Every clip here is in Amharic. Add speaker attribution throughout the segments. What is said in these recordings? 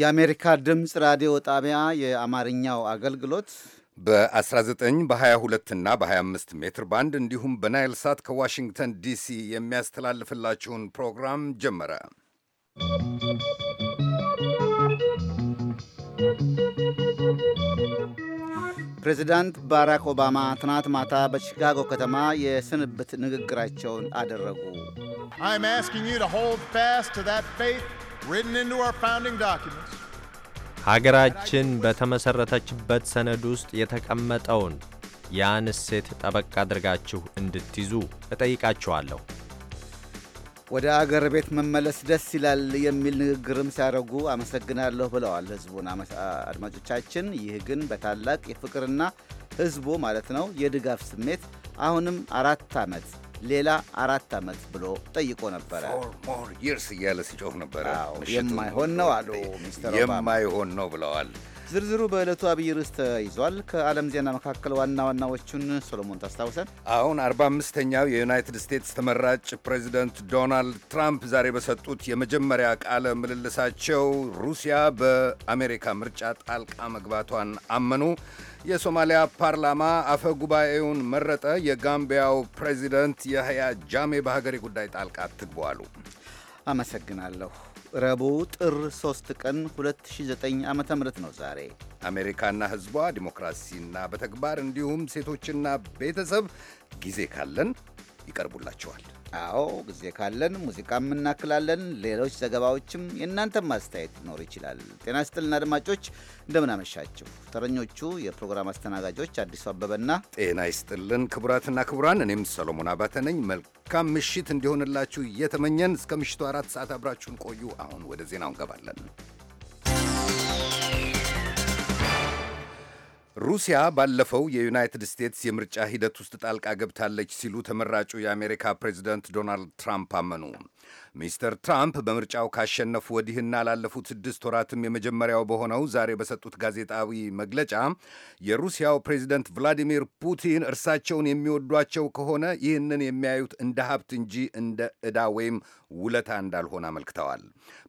Speaker 1: የአሜሪካ ድምፅ ራዲዮ ጣቢያ
Speaker 2: የአማርኛው አገልግሎት በ19 በ22 እና በ25 ሜትር ባንድ እንዲሁም በናይል ሳት ከዋሽንግተን ዲሲ የሚያስተላልፍላችሁን ፕሮግራም ጀመረ። ፕሬዚዳንት
Speaker 1: ባራክ ኦባማ ትናንት ማታ በቺካጎ ከተማ የስንብት ንግግራቸውን አደረጉ።
Speaker 3: ሀገራችን በተመሠረተችበት ሰነድ ውስጥ የተቀመጠውን ያን እሴት ጠበቅ አድርጋችሁ እንድትይዙ እጠይቃችኋለሁ።
Speaker 1: ወደ አገር ቤት መመለስ ደስ ይላል የሚል ንግግርም ሲያደርጉ አመሰግናለሁ ብለዋል ህዝቡን። አድማጮቻችን፣ ይህ ግን በታላቅ የፍቅርና ህዝቡ ማለት ነው የድጋፍ ስሜት አሁንም አራት ዓመት ሌላ አራት ዓመት
Speaker 2: ብሎ ጠይቆ ነበረ። ርስ እያለ ሲጮህ ነበረ። የማይሆን ነው አሉ ሚስተር የማይሆን ነው ብለዋል።
Speaker 1: ዝርዝሩ በዕለቱ አብይ ርዕስ ተይዟል። ከዓለም ዜና መካከል
Speaker 2: ዋና ዋናዎቹን ሶሎሞን ታስታውሰን። አሁን 45ተኛው የዩናይትድ ስቴትስ ተመራጭ ፕሬዚደንት ዶናልድ ትራምፕ ዛሬ በሰጡት የመጀመሪያ ቃለ ምልልሳቸው ሩሲያ በአሜሪካ ምርጫ ጣልቃ መግባቷን አመኑ። የሶማሊያ ፓርላማ አፈ ጉባኤውን መረጠ። የጋምቢያው ፕሬዚደንት የህያ ጃሜ በሀገሬ ጉዳይ ጣልቃ ትግቧሉ። አመሰግናለሁ። ረቡዕ ጥር 3 ቀን 2009 ዓ ም ነው ዛሬ። አሜሪካና ህዝቧ ዲሞክራሲና በተግባር እንዲሁም ሴቶችና ቤተሰብ ጊዜ ካለን ይቀርቡላቸዋል። አዎ
Speaker 1: ጊዜ ካለን ሙዚቃም እናክላለን። ሌሎች ዘገባዎችም የእናንተ ማስተያየት ሊኖር ይችላል። ጤና ስጥልና አድማጮች እንደምናመሻችሁ። ተረኞቹ የፕሮግራም አስተናጋጆች አዲሱ
Speaker 2: አበበና ጤና ይስጥልን ክቡራትና ክቡራን፣ እኔም ሰሎሞን አባተ ነኝ። መልካም ምሽት እንዲሆንላችሁ እየተመኘን እስከ ምሽቱ አራት ሰዓት አብራችሁን ቆዩ። አሁን ወደ ዜናው እንገባለን። ሩሲያ ባለፈው የዩናይትድ ስቴትስ የምርጫ ሂደት ውስጥ ጣልቃ ገብታለች ሲሉ ተመራጩ የአሜሪካ ፕሬዚደንት ዶናልድ ትራምፕ አመኑ። ሚስተር ትራምፕ በምርጫው ካሸነፉ ወዲህና ላለፉት ስድስት ወራትም የመጀመሪያው በሆነው ዛሬ በሰጡት ጋዜጣዊ መግለጫ የሩሲያው ፕሬዚደንት ቭላዲሚር ፑቲን እርሳቸውን የሚወዷቸው ከሆነ ይህንን የሚያዩት እንደ ሀብት እንጂ እንደ ዕዳ ወይም ውለታ እንዳልሆነ አመልክተዋል።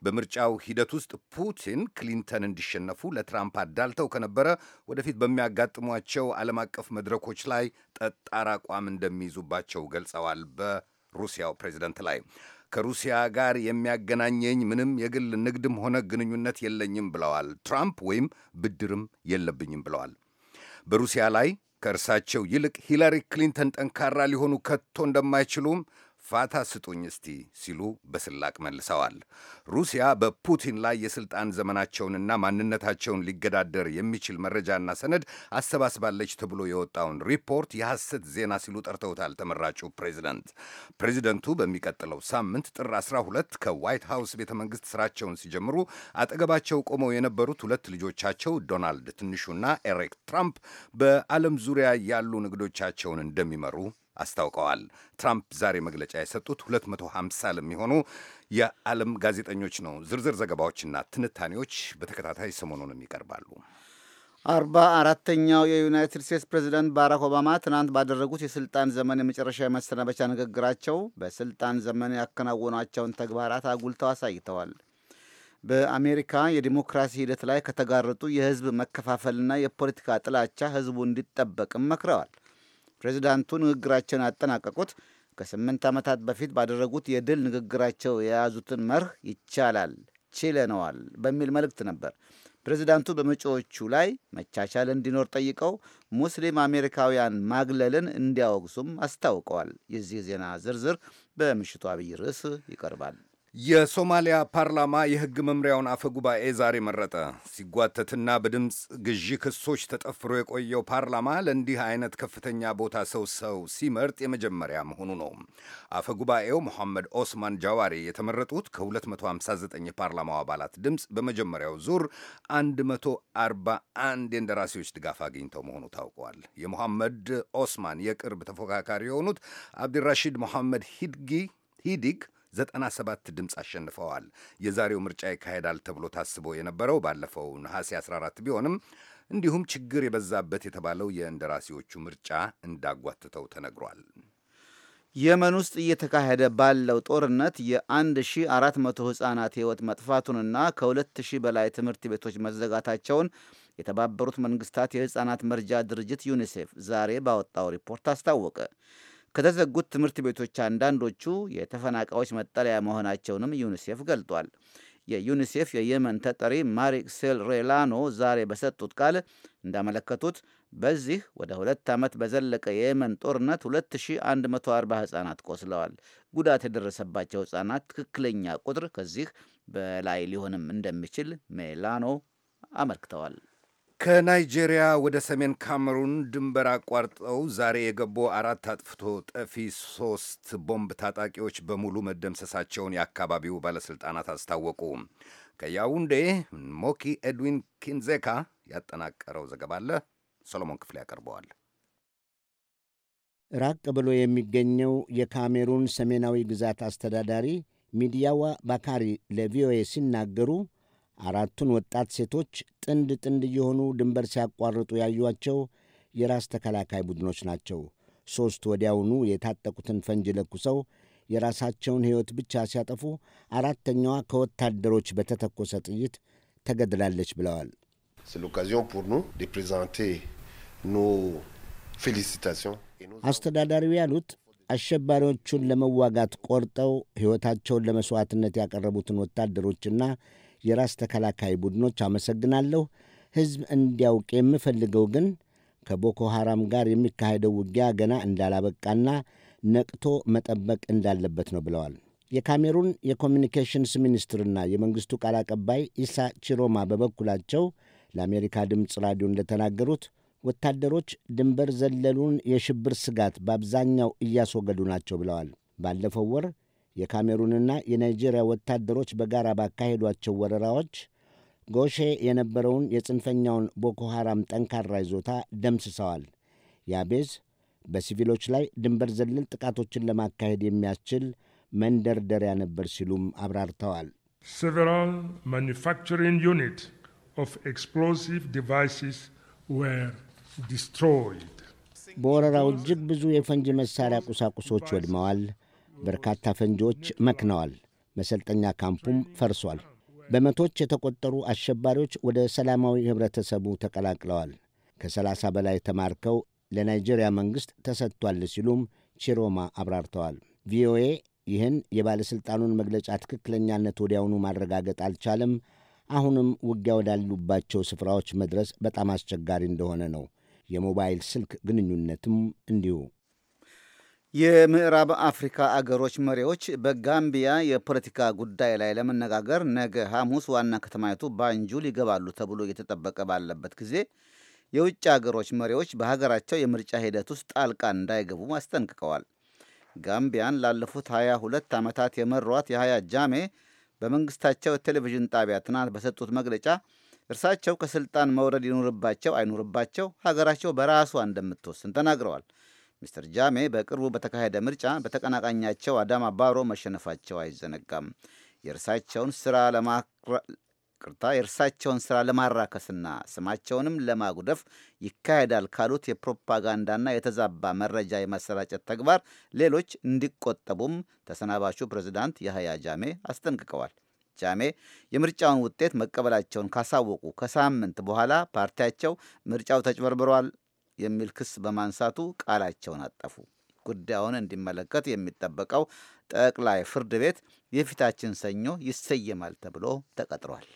Speaker 2: በምርጫው ሂደት ውስጥ ፑቲን ክሊንተን እንዲሸነፉ ለትራምፕ አዳልተው ከነበረ ወደፊት በሚያጋጥሟቸው ዓለም አቀፍ መድረኮች ላይ ጠጣር አቋም እንደሚይዙባቸው ገልጸዋል። በሩሲያው ፕሬዚደንት ላይ ከሩሲያ ጋር የሚያገናኘኝ ምንም የግል ንግድም ሆነ ግንኙነት የለኝም ብለዋል ትራምፕ። ወይም ብድርም የለብኝም ብለዋል። በሩሲያ ላይ ከእርሳቸው ይልቅ ሂላሪ ክሊንተን ጠንካራ ሊሆኑ ከቶ እንደማይችሉም ፋታ ስጡኝ እስቲ ሲሉ በስላቅ መልሰዋል። ሩሲያ በፑቲን ላይ የሥልጣን ዘመናቸውንና ማንነታቸውን ሊገዳደር የሚችል መረጃና ሰነድ አሰባስባለች ተብሎ የወጣውን ሪፖርት የሐሰት ዜና ሲሉ ጠርተውታል ተመራጩ ፕሬዚደንት። ፕሬዚደንቱ በሚቀጥለው ሳምንት ጥር 12 ከዋይት ሃውስ ቤተ መንግሥት ስራቸውን ሲጀምሩ አጠገባቸው ቆመው የነበሩት ሁለት ልጆቻቸው ዶናልድ ትንሹና ኤሪክ ትራምፕ በዓለም ዙሪያ ያሉ ንግዶቻቸውን እንደሚመሩ አስታውቀዋል። ትራምፕ ዛሬ መግለጫ የሰጡት 250 ለሚሆኑ የዓለም ጋዜጠኞች ነው። ዝርዝር ዘገባዎችና ትንታኔዎች በተከታታይ ሰሞኑንም ይቀርባሉ።
Speaker 1: አርባ አራተኛው የዩናይትድ ስቴትስ ፕሬዚደንት ባራክ ኦባማ ትናንት ባደረጉት የስልጣን ዘመን የመጨረሻ የመሰናበቻ ንግግራቸው በስልጣን ዘመን ያከናወኗቸውን ተግባራት አጉልተው አሳይተዋል። በአሜሪካ የዲሞክራሲ ሂደት ላይ ከተጋረጡ የህዝብ መከፋፈልና የፖለቲካ ጥላቻ ህዝቡ እንዲጠበቅም መክረዋል። ፕሬዚዳንቱ ንግግራቸውን ያጠናቀቁት ከስምንት ዓመታት በፊት ባደረጉት የድል ንግግራቸው የያዙትን መርህ ይቻላል ችለነዋል በሚል መልእክት ነበር። ፕሬዚዳንቱ በመጪዎቹ ላይ መቻቻል እንዲኖር ጠይቀው ሙስሊም አሜሪካውያን ማግለልን እንዲያወግሱም አስታውቀዋል። የዚህ ዜና ዝርዝር በምሽቱ
Speaker 2: አብይ ርዕስ ይቀርባል። የሶማሊያ ፓርላማ የሕግ መምሪያውን አፈ ጉባኤ ዛሬ መረጠ። ሲጓተትና በድምፅ ግዢ ክሶች ተጠፍሮ የቆየው ፓርላማ ለእንዲህ አይነት ከፍተኛ ቦታ ሰው ሰው ሲመርጥ የመጀመሪያ መሆኑ ነው። አፈ ጉባኤው ሞሐመድ ኦስማን ጃዋሪ የተመረጡት ከ259 የፓርላማው አባላት ድምፅ በመጀመሪያው ዙር 141 የእንደራሴዎች ድጋፍ አግኝተው መሆኑ ታውቋል። የሞሐመድ ኦስማን የቅርብ ተፎካካሪ የሆኑት አብዲራሺድ ሞሐመድ ሂድጊ ሂዲግ 97 ድምፅ አሸንፈዋል። የዛሬው ምርጫ ይካሄዳል ተብሎ ታስቦ የነበረው ባለፈው ነሐሴ 14 ቢሆንም እንዲሁም ችግር የበዛበት የተባለው የእንደራሴዎቹ ምርጫ እንዳጓትተው ተነግሯል።
Speaker 1: የመን ውስጥ እየተካሄደ ባለው ጦርነት የ1400 ሕፃናት ሕይወት መጥፋቱንና ከ2000 በላይ ትምህርት ቤቶች መዘጋታቸውን የተባበሩት መንግስታት የሕፃናት መርጃ ድርጅት ዩኒሴፍ ዛሬ ባወጣው ሪፖርት አስታወቀ። ከተዘጉት ትምህርት ቤቶች አንዳንዶቹ የተፈናቃዮች መጠለያ መሆናቸውንም ዩኒሴፍ ገልጧል። የዩኒሴፍ የየመን ተጠሪ ማሪክ ሴል ሬላኖ ዛሬ በሰጡት ቃል እንዳመለከቱት በዚህ ወደ ሁለት ዓመት በዘለቀ የየመን ጦርነት 2140 ሕፃናት ቆስለዋል። ጉዳት የደረሰባቸው ሕፃናት ትክክለኛ ቁጥር ከዚህ በላይ ሊሆንም እንደሚችል
Speaker 2: ሜላኖ አመልክተዋል። ከናይጄሪያ ወደ ሰሜን ካሜሩን ድንበር አቋርጠው ዛሬ የገቡ አራት አጥፍቶ ጠፊ ሶስት ቦምብ ታጣቂዎች በሙሉ መደምሰሳቸውን የአካባቢው ባለሥልጣናት አስታወቁ። ከያውንዴ ሞኪ ኤድዊን ኪንዜካ ያጠናቀረው ዘገባ አለ። ሰሎሞን ክፍሌ ያቀርበዋል።
Speaker 4: ራቅ ብሎ የሚገኘው የካሜሩን ሰሜናዊ ግዛት አስተዳዳሪ ሚዲያዋ ባካሪ ለቪኦኤ ሲናገሩ አራቱን ወጣት ሴቶች ጥንድ ጥንድ እየሆኑ ድንበር ሲያቋርጡ ያዩቸው የራስ ተከላካይ ቡድኖች ናቸው። ሦስት ወዲያውኑ የታጠቁትን ፈንጅ ለኩሰው የራሳቸውን ሕይወት ብቻ ሲያጠፉ፣ አራተኛዋ ከወታደሮች በተተኮሰ ጥይት
Speaker 5: ተገድላለች ብለዋል።
Speaker 4: አስተዳዳሪው ያሉት አሸባሪዎቹን ለመዋጋት ቆርጠው ሕይወታቸውን ለመሥዋዕትነት ያቀረቡትን ወታደሮችና የራስ ተከላካይ ቡድኖች አመሰግናለሁ። ሕዝብ እንዲያውቅ የምፈልገው ግን ከቦኮ ሐራም ጋር የሚካሄደው ውጊያ ገና እንዳላበቃና ነቅቶ መጠበቅ እንዳለበት ነው ብለዋል። የካሜሩን የኮሚኒኬሽንስ ሚኒስትርና የመንግሥቱ ቃል አቀባይ ኢሳ ቺሮማ በበኩላቸው ለአሜሪካ ድምፅ ራዲዮ እንደተናገሩት ወታደሮች ድንበር ዘለሉን የሽብር ስጋት በአብዛኛው እያስወገዱ ናቸው ብለዋል። ባለፈው ወር የካሜሩንና የናይጄሪያ ወታደሮች በጋራ ባካሄዷቸው ወረራዎች ጎሼ የነበረውን የጽንፈኛውን ቦኮ ሐራም ጠንካራ ይዞታ ደምስሰዋል። ያቤዝ በሲቪሎች ላይ ድንበር ዘለል ጥቃቶችን ለማካሄድ የሚያስችል መንደርደሪያ ነበር ሲሉም አብራርተዋል።
Speaker 6: ሴቨራል ማኒፋክቸሪንግ ዩኒት ኦፍ ኤክስፕሎሲቭ ዲቫይስስ ወር ዲስትሮይድ
Speaker 4: በወረራው እጅግ ብዙ የፈንጂ መሣሪያ ቁሳቁሶች ወድመዋል። በርካታ ፈንጂዎች መክነዋል። መሰልጠኛ ካምፑም ፈርሷል። በመቶች የተቆጠሩ አሸባሪዎች ወደ ሰላማዊ ኅብረተሰቡ ተቀላቅለዋል። ከሰላሳ በላይ ተማርከው ለናይጄሪያ መንግሥት ተሰጥቷል ሲሉም ቺሮማ አብራርተዋል። ቪኦኤ ይህን የባለሥልጣኑን መግለጫ ትክክለኛነት ወዲያውኑ ማረጋገጥ አልቻለም። አሁንም ውጊያ ወዳሉባቸው ስፍራዎች መድረስ በጣም አስቸጋሪ እንደሆነ ነው። የሞባይል ስልክ ግንኙነትም እንዲሁ
Speaker 1: የምዕራብ አፍሪካ አገሮች መሪዎች በጋምቢያ የፖለቲካ ጉዳይ ላይ ለመነጋገር ነገ ሐሙስ ዋና ከተማይቱ ባንጁል ይገባሉ ተብሎ እየተጠበቀ ባለበት ጊዜ የውጭ አገሮች መሪዎች በሀገራቸው የምርጫ ሂደት ውስጥ ጣልቃ እንዳይገቡ አስጠንቅቀዋል። ጋምቢያን ላለፉት 22 ሁለት ዓመታት የመሯት የሀያ ጃሜ በመንግስታቸው ቴሌቪዥን ጣቢያ ትናንት በሰጡት መግለጫ እርሳቸው ከስልጣን መውረድ ይኑርባቸው አይኑርባቸው ሀገራቸው በራሷ እንደምትወስን ተናግረዋል። ሚስተር ጃሜ በቅርቡ በተካሄደ ምርጫ በተቀናቃኛቸው አዳማ ባሮ መሸነፋቸው አይዘነጋም። የእርሳቸውን ስራ ቅርታ የእርሳቸውን ስራ ለማራከስና ስማቸውንም ለማጉደፍ ይካሄዳል ካሉት የፕሮፓጋንዳና የተዛባ መረጃ የማሰራጨት ተግባር ሌሎች እንዲቆጠቡም ተሰናባቹ ፕሬዚዳንት ያህያ ጃሜ አስጠንቅቀዋል። ጃሜ የምርጫውን ውጤት መቀበላቸውን ካሳወቁ ከሳምንት በኋላ ፓርቲያቸው ምርጫው ተጭበርብሯል፣ የሚል ክስ በማንሳቱ ቃላቸውን አጠፉ። ጉዳዩን እንዲመለከት የሚጠበቀው ጠቅላይ
Speaker 2: ፍርድ ቤት የፊታችን ሰኞ ይሰየማል ተብሎ ተቀጥሯል።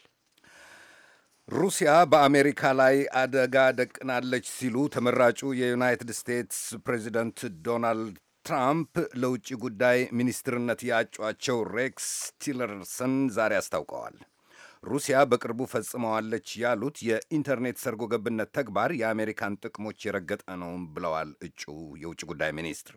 Speaker 2: ሩሲያ በአሜሪካ ላይ አደጋ ደቅናለች ሲሉ ተመራጩ የዩናይትድ ስቴትስ ፕሬዚደንት ዶናልድ ትራምፕ ለውጭ ጉዳይ ሚኒስትርነት ያጯቸው ሬክስ ቲለርሰን ዛሬ አስታውቀዋል። ሩሲያ በቅርቡ ፈጽመዋለች ያሉት የኢንተርኔት ሰርጎ ገብነት ተግባር የአሜሪካን ጥቅሞች የረገጠ ነው ብለዋል እጩ የውጭ ጉዳይ ሚኒስትር።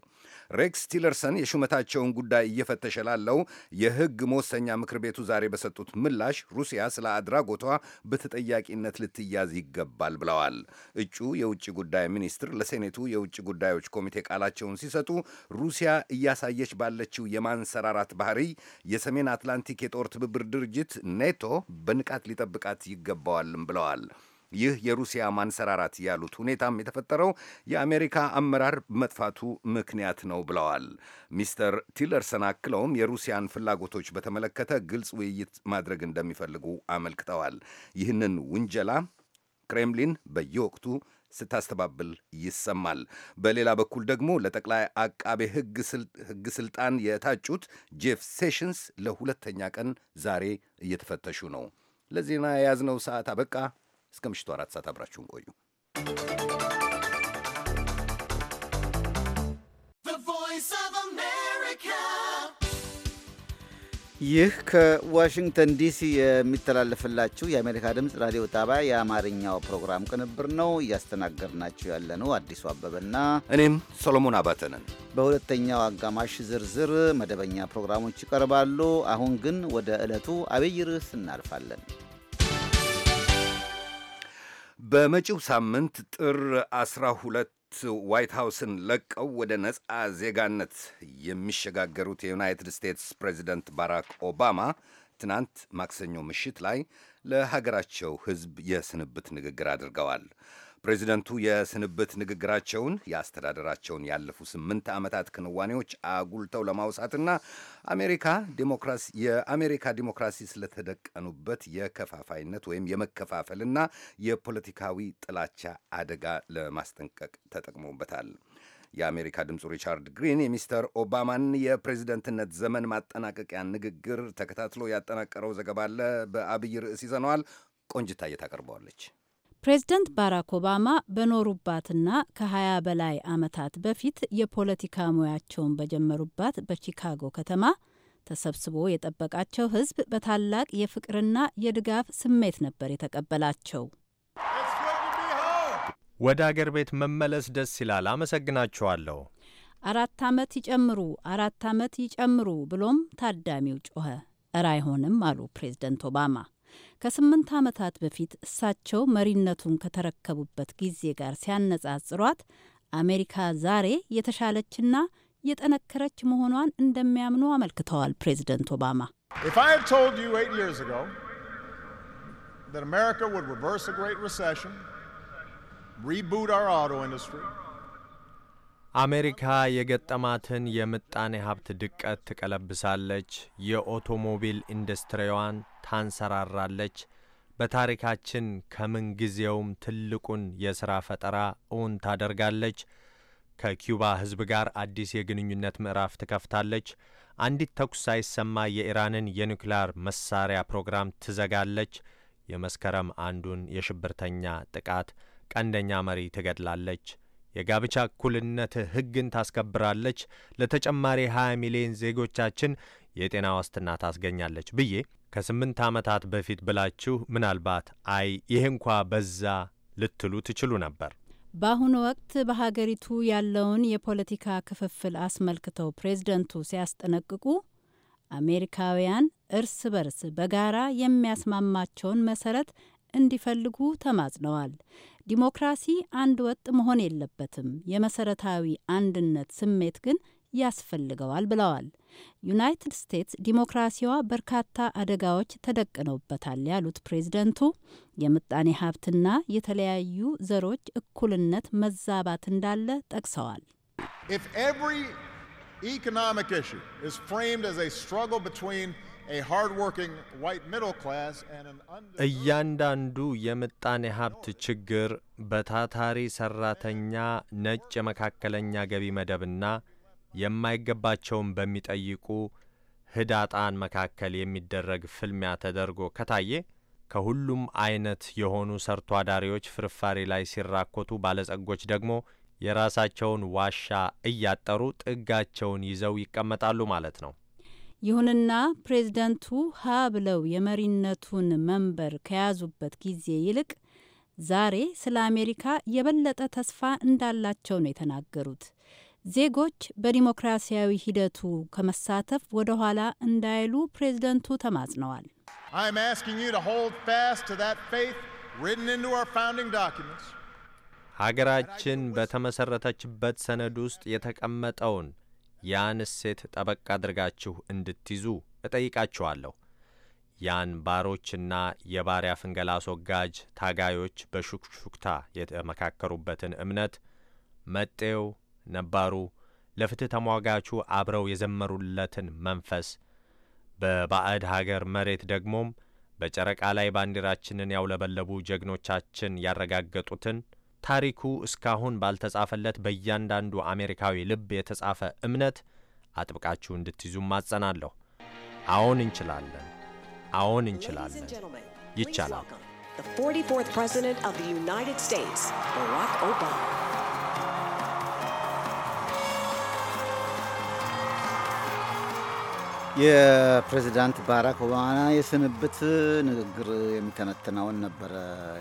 Speaker 2: ሬክስ ቲለርሰን የሹመታቸውን ጉዳይ እየፈተሸ ላለው የሕግ መወሰኛ ምክር ቤቱ ዛሬ በሰጡት ምላሽ ሩሲያ ስለ አድራጎቷ በተጠያቂነት ልትያዝ ይገባል ብለዋል። እጩ የውጭ ጉዳይ ሚኒስትር ለሴኔቱ የውጭ ጉዳዮች ኮሚቴ ቃላቸውን ሲሰጡ ሩሲያ እያሳየች ባለችው የማንሰራራት ባህሪ የሰሜን አትላንቲክ የጦር ትብብር ድርጅት ኔቶ በንቃት ሊጠብቃት ይገባዋልም ብለዋል። ይህ የሩሲያ ማንሰራራት ያሉት ሁኔታም የተፈጠረው የአሜሪካ አመራር መጥፋቱ ምክንያት ነው ብለዋል። ሚስተር ቲለርሰን አክለውም የሩሲያን ፍላጎቶች በተመለከተ ግልጽ ውይይት ማድረግ እንደሚፈልጉ አመልክተዋል። ይህንን ውንጀላ ክሬምሊን በየወቅቱ ስታስተባብል ይሰማል። በሌላ በኩል ደግሞ ለጠቅላይ አቃቤ ሕግ ስልጣን የታጩት ጄፍ ሴሽንስ ለሁለተኛ ቀን ዛሬ እየተፈተሹ ነው። ለዜና የያዝነው ሰዓት አበቃ። እስከ ምሽቱ አራት ሰዓት አብራችሁን ቆዩ።
Speaker 1: ይህ ከዋሽንግተን ዲሲ የሚተላለፍላችሁ የአሜሪካ ድምፅ ራዲዮ ጣቢያ የአማርኛው ፕሮግራም ቅንብር ነው። እያስተናገድናችሁ ያለነው አዲሱ አበበና
Speaker 2: እኔም ሰሎሞን አባተ ነን።
Speaker 1: በሁለተኛው አጋማሽ ዝርዝር መደበኛ ፕሮግራሞች ይቀርባሉ። አሁን ግን ወደ ዕለቱ አብይ ርዕስ እናልፋለን።
Speaker 2: በመጪው ሳምንት ጥር 12 ዋይት ሃውስን ለቀው ወደ ነጻ ዜጋነት የሚሸጋገሩት የዩናይትድ ስቴትስ ፕሬዚደንት ባራክ ኦባማ ትናንት ማክሰኞ ምሽት ላይ ለሀገራቸው ሕዝብ የስንብት ንግግር አድርገዋል። ፕሬዚደንቱ የስንብት ንግግራቸውን የአስተዳደራቸውን ያለፉ ስምንት ዓመታት ክንዋኔዎች አጉልተው ለማውሳትና አሜሪካ ዲሞክራሲ የአሜሪካ ዲሞክራሲ ስለተደቀኑበት የከፋፋይነት ወይም የመከፋፈልና የፖለቲካዊ ጥላቻ አደጋ ለማስጠንቀቅ ተጠቅሞበታል። የአሜሪካ ድምፁ ሪቻርድ ግሪን የሚስተር ኦባማን የፕሬዝደንትነት ዘመን ማጠናቀቂያ ንግግር ተከታትሎ ያጠናቀረው ዘገባ አለ። በአብይ ርዕስ ይዘነዋል። ቆንጅታ እየታቀርበዋለች።
Speaker 7: ፕሬዝደንት ባራክ ኦባማ በኖሩባትና ከ20 በላይ ዓመታት በፊት የፖለቲካ ሙያቸውን በጀመሩባት በቺካጎ ከተማ ተሰብስቦ የጠበቃቸው ሕዝብ በታላቅ የፍቅርና የድጋፍ ስሜት ነበር የተቀበላቸው።
Speaker 3: ወደ አገር ቤት መመለስ ደስ ይላል። አመሰግናችኋለሁ።
Speaker 7: አራት ዓመት ይጨምሩ፣ አራት ዓመት ይጨምሩ ብሎም ታዳሚው ጮኸ። እረ አይሆንም አሉ ፕሬዝደንት ኦባማ። ከስምንት ዓመታት በፊት እሳቸው መሪነቱን ከተረከቡበት ጊዜ ጋር ሲያነጻጽሯት አሜሪካ ዛሬ የተሻለችና የጠነከረች መሆኗን እንደሚያምኑ አመልክተዋል። ፕሬዝደንት ኦባማ
Speaker 8: ሪቡት አወር አውቶ ኢንዱስትሪ
Speaker 3: አሜሪካ የገጠማትን የምጣኔ ሀብት ድቀት ትቀለብሳለች፣ የኦቶሞቢል ኢንዱስትሪዋን ታንሰራራለች፣ በታሪካችን ከምንጊዜውም ትልቁን የሥራ ፈጠራ እውን ታደርጋለች፣ ከኪውባ ሕዝብ ጋር አዲስ የግንኙነት ምዕራፍ ትከፍታለች፣ አንዲት ተኩስ ሳይሰማ የኢራንን የኒውክሌር መሳሪያ ፕሮግራም ትዘጋለች፣ የመስከረም አንዱን የሽብርተኛ ጥቃት ቀንደኛ መሪ ትገድላለች። የጋብቻ እኩልነት ሕግን ታስከብራለች፣ ለተጨማሪ 20 ሚሊዮን ዜጎቻችን የጤና ዋስትና ታስገኛለች ብዬ ከስምንት ዓመታት በፊት ብላችሁ ምናልባት አይ ይህ እንኳ በዛ ልትሉ ትችሉ ነበር።
Speaker 7: በአሁኑ ወቅት በሀገሪቱ ያለውን የፖለቲካ ክፍፍል አስመልክተው ፕሬዝደንቱ ሲያስጠነቅቁ አሜሪካውያን እርስ በርስ በጋራ የሚያስማማቸውን መሰረት እንዲፈልጉ ተማጽነዋል። ዲሞክራሲ አንድ ወጥ መሆን የለበትም፣ የመሰረታዊ አንድነት ስሜት ግን ያስፈልገዋል ብለዋል። ዩናይትድ ስቴትስ ዲሞክራሲዋ በርካታ አደጋዎች ተደቅነውበታል ያሉት ፕሬዝደንቱ የምጣኔ ሀብትና የተለያዩ ዘሮች እኩልነት መዛባት እንዳለ ጠቅሰዋል።
Speaker 8: ኢፍ ኢኮኖሚክ ኢሹ ፍሬምድ ስትራግል ቢትዊን
Speaker 3: እያንዳንዱ የምጣኔ ሀብት ችግር በታታሪ ሰራተኛ ነጭ የመካከለኛ ገቢ መደብና የማይገባቸውን በሚጠይቁ ህዳጣን መካከል የሚደረግ ፍልሚያ ተደርጎ ከታየ ከሁሉም አይነት የሆኑ ሰርቶ አዳሪዎች ፍርፋሪ ላይ ሲራኮቱ፣ ባለጸጎች ደግሞ የራሳቸውን ዋሻ እያጠሩ ጥጋቸውን ይዘው ይቀመጣሉ ማለት ነው።
Speaker 7: ይሁንና ፕሬዝደንቱ ሀ ብለው የመሪነቱን መንበር ከያዙበት ጊዜ ይልቅ ዛሬ ስለ አሜሪካ የበለጠ ተስፋ እንዳላቸው ነው የተናገሩት። ዜጎች በዲሞክራሲያዊ ሂደቱ ከመሳተፍ ወደ ኋላ እንዳይሉ ፕሬዝደንቱ ተማጽነዋል።
Speaker 3: ሀገራችን በተመሰረተችበት ሰነድ ውስጥ የተቀመጠውን ያን እሴት ጠበቅ አድርጋችሁ እንድትይዙ እጠይቃችኋለሁ። ያን ባሮችና የባሪያ ፍንገላ አስወጋጅ ታጋዮች በሹክሹክታ የተመካከሩበትን እምነት መጤው፣ ነባሩ፣ ለፍትህ ተሟጋቹ አብረው የዘመሩለትን መንፈስ በባዕድ ሀገር መሬት ደግሞም በጨረቃ ላይ ባንዲራችንን ያውለበለቡ ጀግኖቻችን ያረጋገጡትን ታሪኩ እስካሁን ባልተጻፈለት በእያንዳንዱ አሜሪካዊ ልብ የተጻፈ እምነት አጥብቃችሁ እንድትይዙ ማጸናለሁ። አዎን እንችላለን። አዎን እንችላለን። ይቻላል።
Speaker 1: የፕሬዚዳንት ባራክ ኦባማ የስንብት ንግግር የሚተነትነውን ነበረ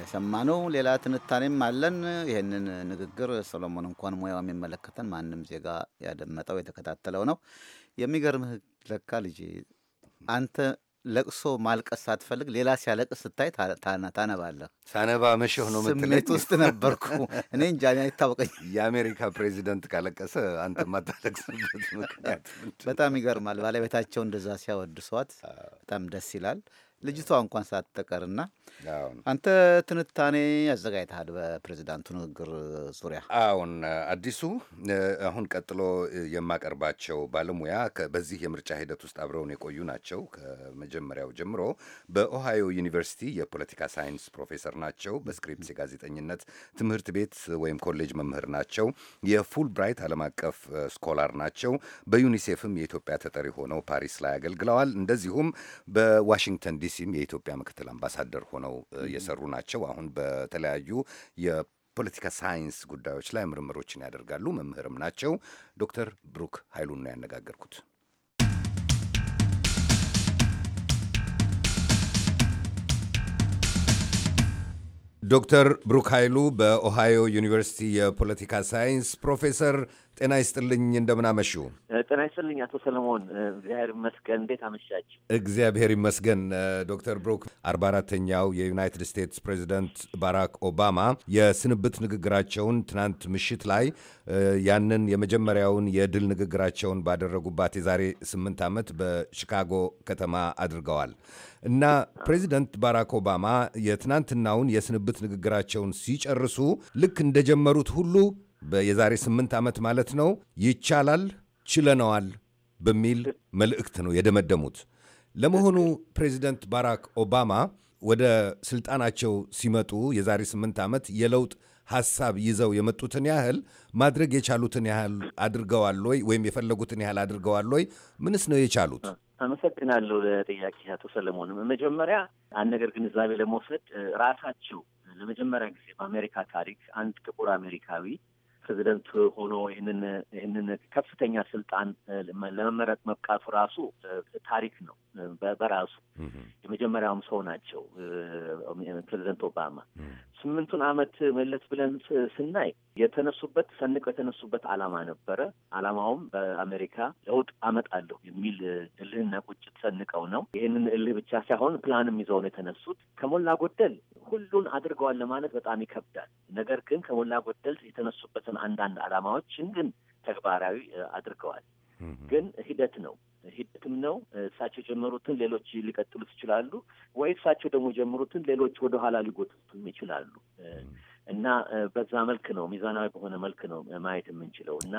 Speaker 1: የሰማነው። ሌላ ትንታኔም አለን። ይህንን ንግግር ሰሎሞን እንኳን ሙያው የሚመለከተን ማንም ዜጋ ያደመጠው የተከታተለው ነው። የሚገርምህ ለካ ልጅ አንተ ለቅሶ ማልቀስ ሳትፈልግ ሌላ ሲያለቅስ ስታይ ታነባለህ።
Speaker 2: ሳነባ መሸህ ነው ስሜት ውስጥ ነበርኩ
Speaker 1: እኔ እንጃ አይታወቀኝ። የአሜሪካ ፕሬዚደንት ካለቀሰ አንተ ማታለቅስበት ምክንያት በጣም ይገርማል። ባለቤታቸው እንደዛ ሲያወድሷት በጣም ደስ ይላል። ልጅቷ እንኳን ሳትቀርና አንተ ትንታኔ አዘጋጅተሃል በፕሬዚዳንቱ ንግግር
Speaker 2: ዙሪያ። አሁን አዲሱ አሁን ቀጥሎ የማቀርባቸው ባለሙያ በዚህ የምርጫ ሂደት ውስጥ አብረውን የቆዩ ናቸው። ከመጀመሪያው ጀምሮ በኦሃዮ ዩኒቨርሲቲ የፖለቲካ ሳይንስ ፕሮፌሰር ናቸው። በስክሪፕስ የጋዜጠኝነት ትምህርት ቤት ወይም ኮሌጅ መምህር ናቸው። የፉል ብራይት ዓለም አቀፍ ስኮላር ናቸው። በዩኒሴፍም የኢትዮጵያ ተጠሪ ሆነው ፓሪስ ላይ አገልግለዋል። እንደዚሁም በዋሽንግተን ዲሲም የኢትዮጵያ ምክትል አምባሳደር ሆነው የሰሩ ናቸው። አሁን በተለያዩ የፖለቲካ ሳይንስ ጉዳዮች ላይ ምርምሮችን ያደርጋሉ። መምህርም ናቸው። ዶክተር ብሩክ ኃይሉን ነው ያነጋገርኩት። ዶክተር ብሩክ ኃይሉ በኦሃዮ ዩኒቨርሲቲ የፖለቲካ ሳይንስ ፕሮፌሰር ጤና ይስጥልኝ፣ አመሹ?
Speaker 6: ጤና ይስጥልኝ አቶ ሰለሞን፣ እግዚአብሔር ይመስገን። እንዴት አመሻች?
Speaker 2: እግዚአብሔር ይመስገን። ዶክተር ብሩክ አርባ አራተኛው የዩናይትድ ስቴትስ ፕሬዚደንት ባራክ ኦባማ የስንብት ንግግራቸውን ትናንት ምሽት ላይ ያንን የመጀመሪያውን የድል ንግግራቸውን ባደረጉባት የዛሬ ስምንት ዓመት በሺካጎ ከተማ አድርገዋል እና ፕሬዚደንት ባራክ ኦባማ የትናንትናውን የስንብት ንግግራቸውን ሲጨርሱ ልክ እንደጀመሩት ሁሉ የዛሬ ስምንት ዓመት ማለት ነው። ይቻላል፣ ችለነዋል በሚል መልእክት ነው የደመደሙት። ለመሆኑ ፕሬዚደንት ባራክ ኦባማ ወደ ስልጣናቸው ሲመጡ የዛሬ ስምንት ዓመት የለውጥ ሀሳብ ይዘው የመጡትን ያህል ማድረግ የቻሉትን ያህል አድርገዋል ወይ? ወይም የፈለጉትን ያህል አድርገዋል ወይ? ምንስ ነው የቻሉት?
Speaker 6: አመሰግናለሁ ለጥያቄ አቶ ሰለሞን። መጀመሪያ አንድ ነገር ግንዛቤ ለመውሰድ ራሳቸው ለመጀመሪያ ጊዜ በአሜሪካ ታሪክ አንድ ጥቁር አሜሪካዊ ፕሬዚደንት ሆኖ ይህንን ይህንን ከፍተኛ ስልጣን ለመመረጥ መብቃቱ ራሱ ታሪክ ነው በራሱ። የመጀመሪያውም ሰው ናቸው ፕሬዚደንት ኦባማ። ስምንቱን ዓመት መለስ ብለን ስናይ የተነሱበት ሰንቀው የተነሱበት አላማ ነበረ። አላማውም በአሜሪካ ለውጥ አመጣለሁ የሚል እልህና ቁጭት ሰንቀው ነው። ይህንን እልህ ብቻ ሳይሆን ፕላንም ይዘው ነው የተነሱት። ከሞላ ጎደል ሁሉን አድርገዋል ለማለት በጣም ይከብዳል። ነገር ግን ከሞላ ጎደል የተነሱበት አንዳንድ ዓላማዎችን ግን ተግባራዊ አድርገዋል። ግን ሂደት ነው ሂደትም ነው። እሳቸው የጀመሩትን ሌሎች ሊቀጥሉት ይችላሉ ወይ እሳቸው ደግሞ የጀመሩትን ሌሎች ወደ ኋላ ሊጎትቱም ይችላሉ እና በዛ መልክ ነው ሚዛናዊ በሆነ መልክ ነው ማየት የምንችለው እና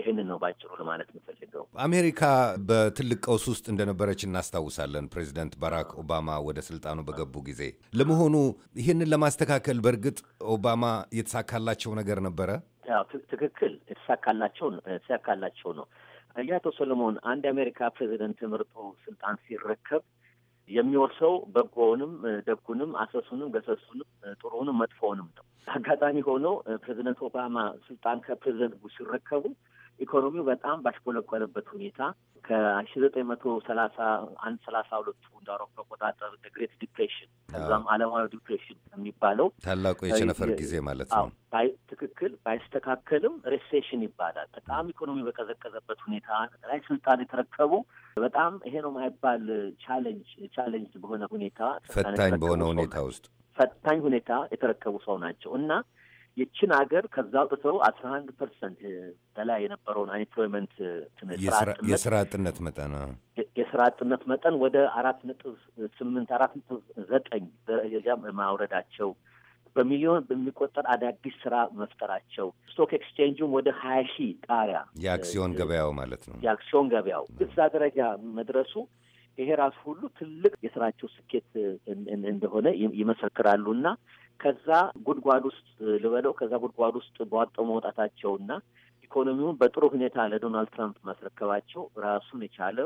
Speaker 6: ይህንን ነው ባጭሩ ለማለት የምፈልገው።
Speaker 2: አሜሪካ በትልቅ ቀውስ ውስጥ እንደነበረች እናስታውሳለን። ፕሬዚደንት ባራክ ኦባማ ወደ ስልጣኑ በገቡ ጊዜ ለመሆኑ ይህንን ለማስተካከል በእርግጥ ኦባማ የተሳካላቸው ነገር ነበረ? ትክክል
Speaker 6: የተሳካላቸው ነው የተሳካላቸው ነው። አቶ ሰለሞን አንድ የአሜሪካ ፕሬዚደንት ተመርጦ ስልጣን ሲረከብ የሚወርሰው በጎውንም ደጉንም አሰሱንም ገሰሱንም ጥሩውንም መጥፎውንም ነው። አጋጣሚ ሆኖ ፕሬዚደንት ኦባማ ስልጣን ከፕሬዚደንት ቡሽ ሲረከቡ ኢኮኖሚው በጣም ባሽቆለቆለበት ሁኔታ ከሺ ዘጠኝ መቶ ሰላሳ አንድ ሰላሳ ሁለቱ እንደ አውሮፓ አቆጣጠር ግሬት ዲፕሬሽን ከዛም አለማዊ ዲፕሬሽን የሚባለው
Speaker 2: ታላቁ የቸነፈር ጊዜ ማለት ነው።
Speaker 6: ትክክል ባይስተካከልም ሬሴሽን ይባላል። በጣም ኢኮኖሚ በቀዘቀዘበት ሁኔታ ላይ ስልጣን የተረከቡ በጣም ይሄ ነው የማይባል ቻሌንጅ ቻሌንጅ በሆነ ሁኔታ ፈታኝ በሆነ ሁኔታ ውስጥ ፈታኝ ሁኔታ የተረከቡ ሰው ናቸው እና የችን ሀገር ከዛ አውጥተው አስራ አንድ ፐርሰንት በላይ የነበረውን አንኤምፕሎይመንት የስራ
Speaker 2: አጥነት መጠን
Speaker 6: የስራ አጥነት መጠን ወደ አራት ነጥብ ስምንት አራት ነጥብ ዘጠኝ ደረጃ ማውረዳቸው በሚሊዮን በሚቆጠር አዳዲስ ስራ መፍጠራቸው ስቶክ ኤክስቼንጁም ወደ ሀያ ሺህ ጣሪያ የአክሲዮን
Speaker 2: ገበያው ማለት ነው
Speaker 6: የአክሲዮን ገበያው እዛ ደረጃ መድረሱ ይሄ ራሱ ሁሉ ትልቅ የስራቸው ስኬት እንደሆነ
Speaker 2: ይመሰክራሉ
Speaker 6: እና ከዛ ጉድጓድ ውስጥ ልበለው ከዛ ጉድጓድ ውስጥ በዋጠው መውጣታቸውና ኢኮኖሚውን በጥሩ ሁኔታ ለዶናልድ ትራምፕ ማስረከባቸው ራሱን የቻለ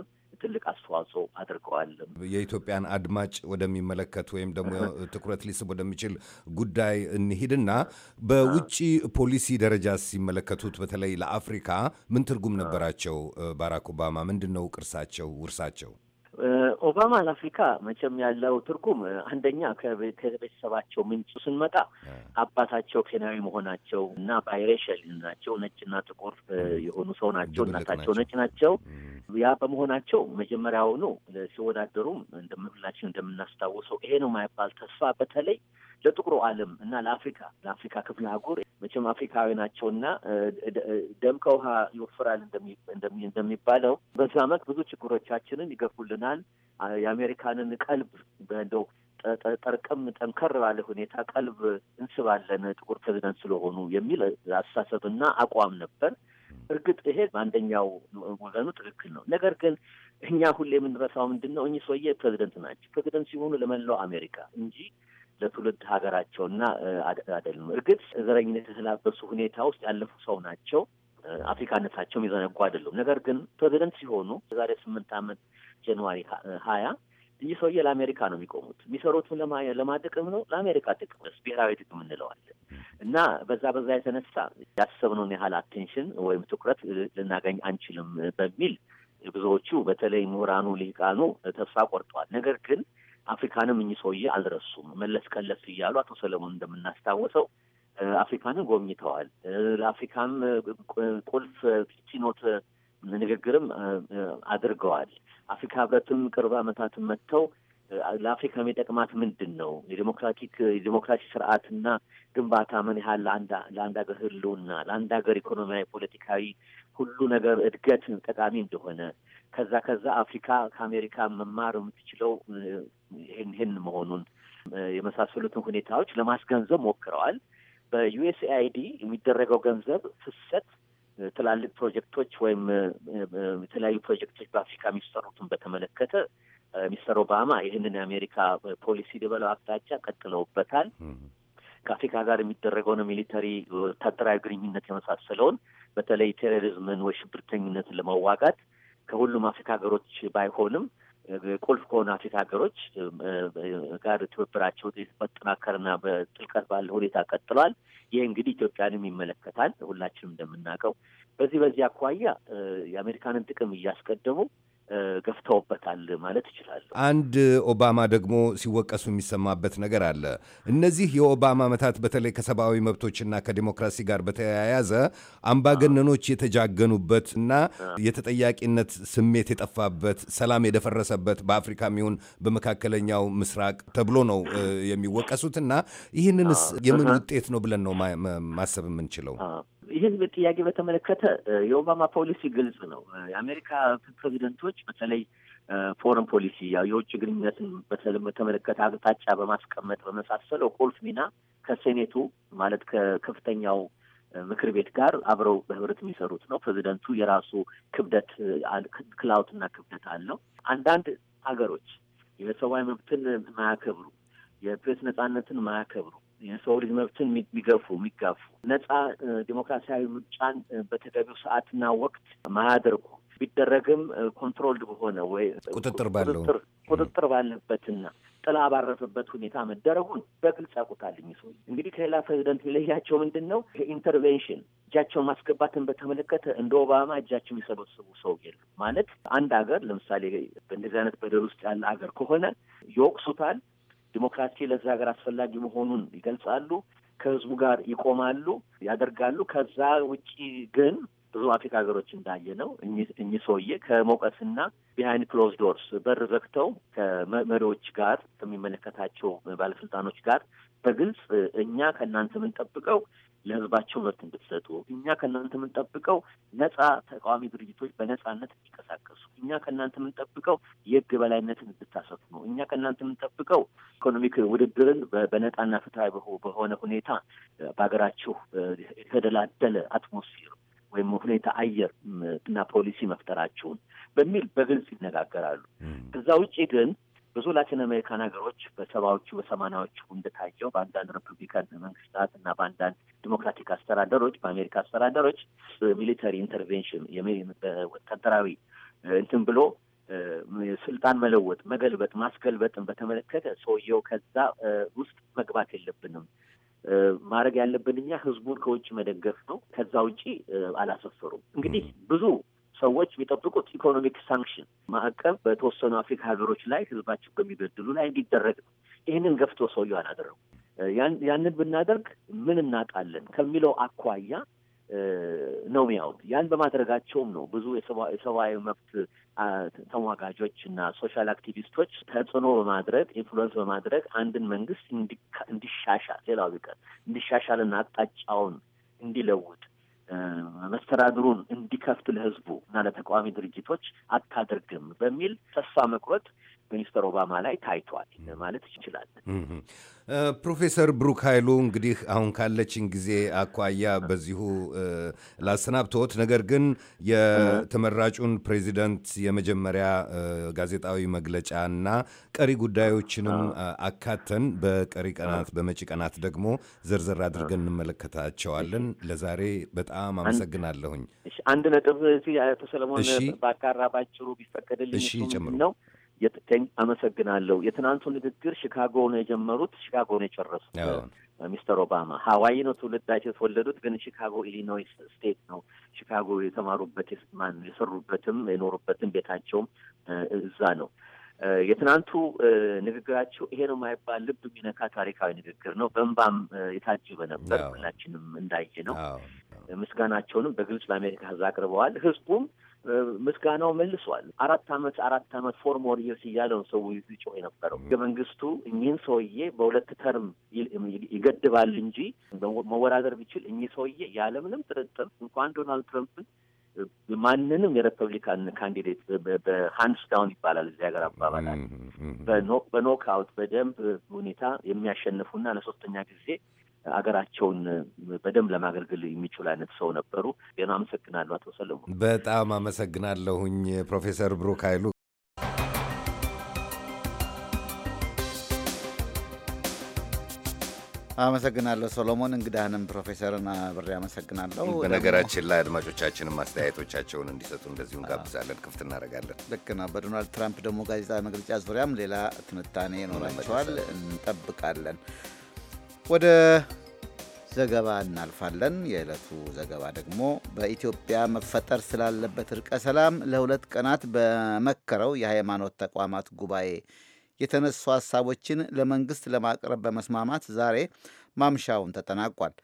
Speaker 6: ትልቅ
Speaker 2: አስተዋጽኦ አድርገዋል። የኢትዮጵያን አድማጭ ወደሚመለከት ወይም ደግሞ ትኩረት ሊስብ ወደሚችል ጉዳይ እንሂድና በውጭ ፖሊሲ ደረጃ ሲመለከቱት በተለይ ለአፍሪካ ምን ትርጉም ነበራቸው? ባራክ ኦባማ ምንድን ነው ቅርሳቸው ውርሳቸው?
Speaker 6: ኦባማ ለአፍሪካ መቼም ያለው ትርጉም አንደኛ ከቤተሰባቸው ምንጭ ስንመጣ አባታቸው ኬንያዊ መሆናቸው እና ባይሬሽል ናቸው። ነጭና ጥቁር የሆኑ ሰው ናቸው። እናታቸው ነጭ ናቸው። ያ በመሆናቸው መጀመሪያውኑ ሲወዳደሩም እንደምላችን እንደምናስታውሰው ይሄ ነው የማይባል ተስፋ በተለይ ለጥቁሩ ዓለም እና ለአፍሪካ ለአፍሪካ ክፍለ አህጉር መቼም አፍሪካዊ ናቸውና ደም ከውሃ ይወፍራል እንደሚባለው በዚህ መልክ ብዙ ችግሮቻችንን ይገፉልናል። የአሜሪካንን ቀልብ እንደው ጠርቅም ጠንከር ባለ ሁኔታ ቀልብ እንስባለን ጥቁር ፕሬዚደንት ስለሆኑ የሚል አስተሳሰብና አቋም ነበር። እርግጥ ይሄ በአንደኛው ወገኑ ትክክል ነው። ነገር ግን እኛ ሁሌ የምንረሳው ምንድን ነው? እኚህ ሰውዬ ፕሬዚደንት ናቸው። ፕሬዚደንት ሲሆኑ ለመላው አሜሪካ እንጂ ለትውልድ ሀገራቸውና አይደለም። እርግጥ ዘረኝነት የተላበሱ ሁኔታ ውስጥ ያለፉ ሰው ናቸው። አፍሪካነታቸውም የዘነጉ አይደሉም። ነገር ግን ፕሬዚደንት ሲሆኑ የዛሬ ስምንት ዓመት ጃንዋሪ ሀያ ይህ ሰውዬ ለአሜሪካ ነው የሚቆሙት። የሚሰሩትን ለማጥቅም ነው? ለአሜሪካ ጥቅም ስ ብሔራዊ ጥቅም እንለዋለን። እና በዛ በዛ የተነሳ ያሰብነውን ያህል አቴንሽን ወይም ትኩረት ልናገኝ አንችልም በሚል ብዙዎቹ በተለይ ምሁራኑ፣ ሊቃኑ ተስፋ ቆርጠዋል። ነገር ግን አፍሪካንም እኚህ ሰውዬ አልረሱም። መለስ ከለስ እያሉ አቶ ሰለሞን እንደምናስታውሰው አፍሪካንም ጎብኝተዋል። ለአፍሪካም ቁልፍ ኪኖት ንግግርም አድርገዋል። አፍሪካ ህብረትም ቅርብ ዓመታትን መጥተው ለአፍሪካ የሚጠቅማት ምንድን ነው የዴሞክራቲክ የዴሞክራሲ ስርዓትና ግንባታ ምን ያህል ለአንድ ሀገር ህልውና፣ ለአንድ ሀገር ኢኮኖሚያዊ፣ ፖለቲካዊ ሁሉ ነገር እድገት ጠቃሚ እንደሆነ ከዛ ከዛ አፍሪካ ከአሜሪካ መማር የምትችለው ይህን መሆኑን የመሳሰሉትን ሁኔታዎች ለማስገንዘብ ሞክረዋል። በዩኤስኤአይዲ የሚደረገው ገንዘብ ፍሰት ትላልቅ ፕሮጀክቶች ወይም የተለያዩ ፕሮጀክቶች በአፍሪካ የሚሰሩትን በተመለከተ ሚስተር ኦባማ ይህንን የአሜሪካ ፖሊሲ ድበለው አቅጣጫ ቀጥለውበታል። ከአፍሪካ ጋር የሚደረገውን ሚሊተሪ ወታደራዊ ግንኙነት የመሳሰለውን በተለይ ቴሮሪዝምን ወይ ሽብርተኝነትን ለመዋጋት ከሁሉም አፍሪካ ሀገሮች ባይሆንም ቁልፍ ከሆኑ አፍሪካ ሀገሮች ጋር ትብብራቸው መጠናከርና በጥልቀት ባለ ሁኔታ ቀጥሏል። ይህ እንግዲህ ኢትዮጵያንም ይመለከታል። ሁላችንም እንደምናውቀው በዚህ በዚህ አኳያ የአሜሪካንን ጥቅም እያስቀደሙ ገፍተውበታል
Speaker 2: ማለት ይችላሉ። አንድ ኦባማ ደግሞ ሲወቀሱ የሚሰማበት ነገር አለ። እነዚህ የኦባማ ዓመታት በተለይ ከሰብአዊ መብቶችና ከዲሞክራሲ ጋር በተያያዘ አምባገነኖች የተጃገኑበት እና የተጠያቂነት ስሜት የጠፋበት፣ ሰላም የደፈረሰበት በአፍሪካ ይሁን በመካከለኛው ምስራቅ ተብሎ ነው የሚወቀሱት እና ይህንንስ የምን ውጤት ነው ብለን ነው ማሰብ የምንችለው?
Speaker 6: የህዝብ ጥያቄ በተመለከተ የኦባማ ፖሊሲ ግልጽ ነው። የአሜሪካ ፕሬዚደንቶች በተለይ ፎረን ፖሊሲ የውጭ ግንኙነትን በተመለከተ አቅጣጫ በማስቀመጥ በመሳሰለው ቁልፍ ሚና ከሴኔቱ ማለት ከከፍተኛው ምክር ቤት ጋር አብረው በህብረት የሚሰሩት ነው። ፕሬዚደንቱ የራሱ ክብደት ክላውትና ክብደት አለው። አንዳንድ ሀገሮች የሰብአዊ መብትን ማያከብሩ፣ የፕሬስ ነጻነትን ማያከብሩ የሰው ልጅ መብትን የሚገፉ የሚጋፉ ነጻ ዴሞክራሲያዊ ምርጫን በተገቢው ሰዓትና ወቅት ማያደርጉ ቢደረግም ኮንትሮልድ በሆነ ወይ
Speaker 2: ቁጥጥር ባለው
Speaker 6: ቁጥጥር ባለበትና ጥላ ባረፈበት ሁኔታ መደረጉን በግልጽ ያውቁታል። የሚስ እንግዲህ ከሌላ ፕሬዚደንት የሚለያቸው ምንድን ነው? ኢንተርቬንሽን እጃቸውን ማስገባትን በተመለከተ እንደ ኦባማ እጃቸው የሚሰበስቡ ሰው የሉ ማለት አንድ ሀገር ለምሳሌ በእንደዚህ አይነት በደል ውስጥ ያለ ሀገር ከሆነ ይወቅሱታል ዲሞክራሲ ለዛ ሀገር አስፈላጊ መሆኑን ይገልጻሉ። ከህዝቡ ጋር ይቆማሉ፣ ያደርጋሉ። ከዛ ውጪ ግን ብዙ አፍሪካ ሀገሮች እንዳየ ነው እኚህ ሰውዬ ከመውቀስና ቢሃይንድ ክሎዝ ዶርስ በር ዘግተው ከመሪዎች ጋር ከሚመለከታቸው ባለስልጣኖች ጋር በግልጽ እኛ ከእናንተ የምንጠብቀው ለህዝባቸው መብት እንድትሰጡ፣ እኛ ከእናንተ የምንጠብቀው ነጻ ተቃዋሚ ድርጅቶች በነጻነት እንዲንቀሳቀሱ፣ እኛ ከእናንተ የምንጠብቀው የህግ በላይነትን እንድታሰፉ ነው። እኛ ከእናንተ የምንጠብቀው ኢኮኖሚክ ውድድርን በነጻና ፍትሀዊ በሆነ ሁኔታ በሀገራችሁ የተደላደለ አትሞስፌር ወይም ሁኔታ አየር እና ፖሊሲ መፍጠራችሁን በሚል በግልጽ ይነጋገራሉ። ከዛ ውጭ ግን ብዙ ላቲን አሜሪካን ሀገሮች በሰባዎቹ በሰማናዎቹ እንደታየው በአንዳንድ ሪፑብሊካን መንግስታት እና በአንዳንድ ዲሞክራቲክ አስተዳደሮች በአሜሪካ አስተዳደሮች ሚሊተሪ ኢንተርቬንሽን ወታደራዊ እንትን ብሎ ስልጣን መለወጥ፣ መገልበጥ፣ ማስገልበጥን በተመለከተ ሰውየው ከዛ ውስጥ መግባት የለብንም። ማድረግ ያለብን እኛ ህዝቡን ከውጭ መደገፍ ነው። ከዛ ውጪ አላሰፈሩም። እንግዲህ ብዙ ሰዎች የሚጠብቁት ኢኮኖሚክ ሳንክሽን ማዕቀብ በተወሰኑ አፍሪካ ሀገሮች ላይ ህዝባቸው በሚበድሉ ላይ እንዲደረግ ነው። ይህንን ገፍቶ ሰውየው አላደረጉ። ያንን ብናደርግ ምን እናጣለን ከሚለው አኳያ ነው ሚያዩት። ያን በማድረጋቸውም ነው ብዙ የሰብአዊ መብት ተሟጋጆች እና ሶሻል አክቲቪስቶች ተጽዕኖ በማድረግ ኢንፍሉወንስ በማድረግ አንድን መንግስት እንዲሻሻል ሌላው ቢቀር እንዲሻሻልና አቅጣጫውን እንዲለውጥ መስተዳድሩን እንዲከፍት ለህዝቡ እና ለተቃዋሚ ድርጅቶች አታደርግም በሚል ተስፋ መቁረጥ ሚኒስተር ኦባማ ላይ ታይቷል ማለት ይችላል።
Speaker 2: ፕሮፌሰር ብሩክ ኃይሉ እንግዲህ አሁን ካለችን ጊዜ አኳያ በዚሁ ላሰናብተዎት፣ ነገር ግን የተመራጩን ፕሬዚደንት የመጀመሪያ ጋዜጣዊ መግለጫና ቀሪ ጉዳዮችንም አካተን በቀሪ ቀናት በመጪ ቀናት ደግሞ ዘርዘር አድርገን እንመለከታቸዋለን። ለዛሬ በጣም አመሰግናለሁኝ።
Speaker 6: አንድ ነጥብ እዚህ አቶ ሰለሞን ባካራ ባጭሩ ቢፈቀድልኝ ነው የጥቀኝ አመሰግናለሁ። የትናንቱ ንግግር ሺካጎ ነው የጀመሩት፣ ሺካጎ ነው የጨረሱት። ሚስተር ኦባማ ሀዋይ ነው ትውልዳቸው የተወለዱት፣ ግን ሺካጎ ኢሊኖይስ ስቴት ነው ሺካጎ የተማሩበት ማን የሰሩበትም የኖሩበትም ቤታቸውም እዛ ነው። የትናንቱ ንግግራቸው ይሄ ነው የማይባል ልብ የሚነካ ታሪካዊ ንግግር ነው። በእንባም የታጀበ ነበር። ሁላችንም እንዳየ ነው። ምስጋናቸውንም በግልጽ ለአሜሪካ ሕዝብ አቅርበዋል። ሕዝቡም ምስጋናው መልሷል። አራት አመት አራት አመት ፎር ሞር ይርስ እያለ ነው ሰው ይጮህ የነበረው። ህገ መንግስቱ እኚህን ሰውዬ በሁለት ተርም ይገድባል እንጂ መወዳደር ቢችል እኚህ ሰውዬ ያለምንም ጥርጥር እንኳን ዶናልድ ትረምፕን ማንንም የሪፐብሊካን ካንዲዴት በሃንድስ ዳውን ይባላል እዚህ ሀገር አባባላል በኖክ አውት በደንብ ሁኔታ የሚያሸንፉና ለሶስተኛ ጊዜ ሀገራቸውን በደንብ ለማገልገል የሚችሉ አይነት ሰው ነበሩ። ጤና
Speaker 2: አመሰግናለሁ አቶ ሰለሞን። በጣም አመሰግናለሁኝ ፕሮፌሰር ብሩክ ኃይሉ።
Speaker 1: አመሰግናለሁ ሰሎሞን፣ እንግዳህንም ፕሮፌሰርን አብሬ አመሰግናለሁ። በነገራችን ላይ
Speaker 2: አድማጮቻችንም ማስተያየቶቻቸውን እንዲሰጡ እንደዚሁ እንጋብዛለን፣ ክፍት እናደርጋለን።
Speaker 1: ልክ ነው። በዶናልድ ትራምፕ ደግሞ ጋዜጣ መግለጫ ዙሪያም ሌላ ትንታኔ ይኖራቸዋል፣ እንጠብቃለን። ወደ ዘገባ እናልፋለን። የዕለቱ ዘገባ ደግሞ በኢትዮጵያ መፈጠር ስላለበት እርቀ ሰላም ለሁለት ቀናት በመከረው የሃይማኖት ተቋማት ጉባኤ የተነሱ ሀሳቦችን ለመንግስት ለማቅረብ በመስማማት ዛሬ ማምሻውን ተጠናቋል።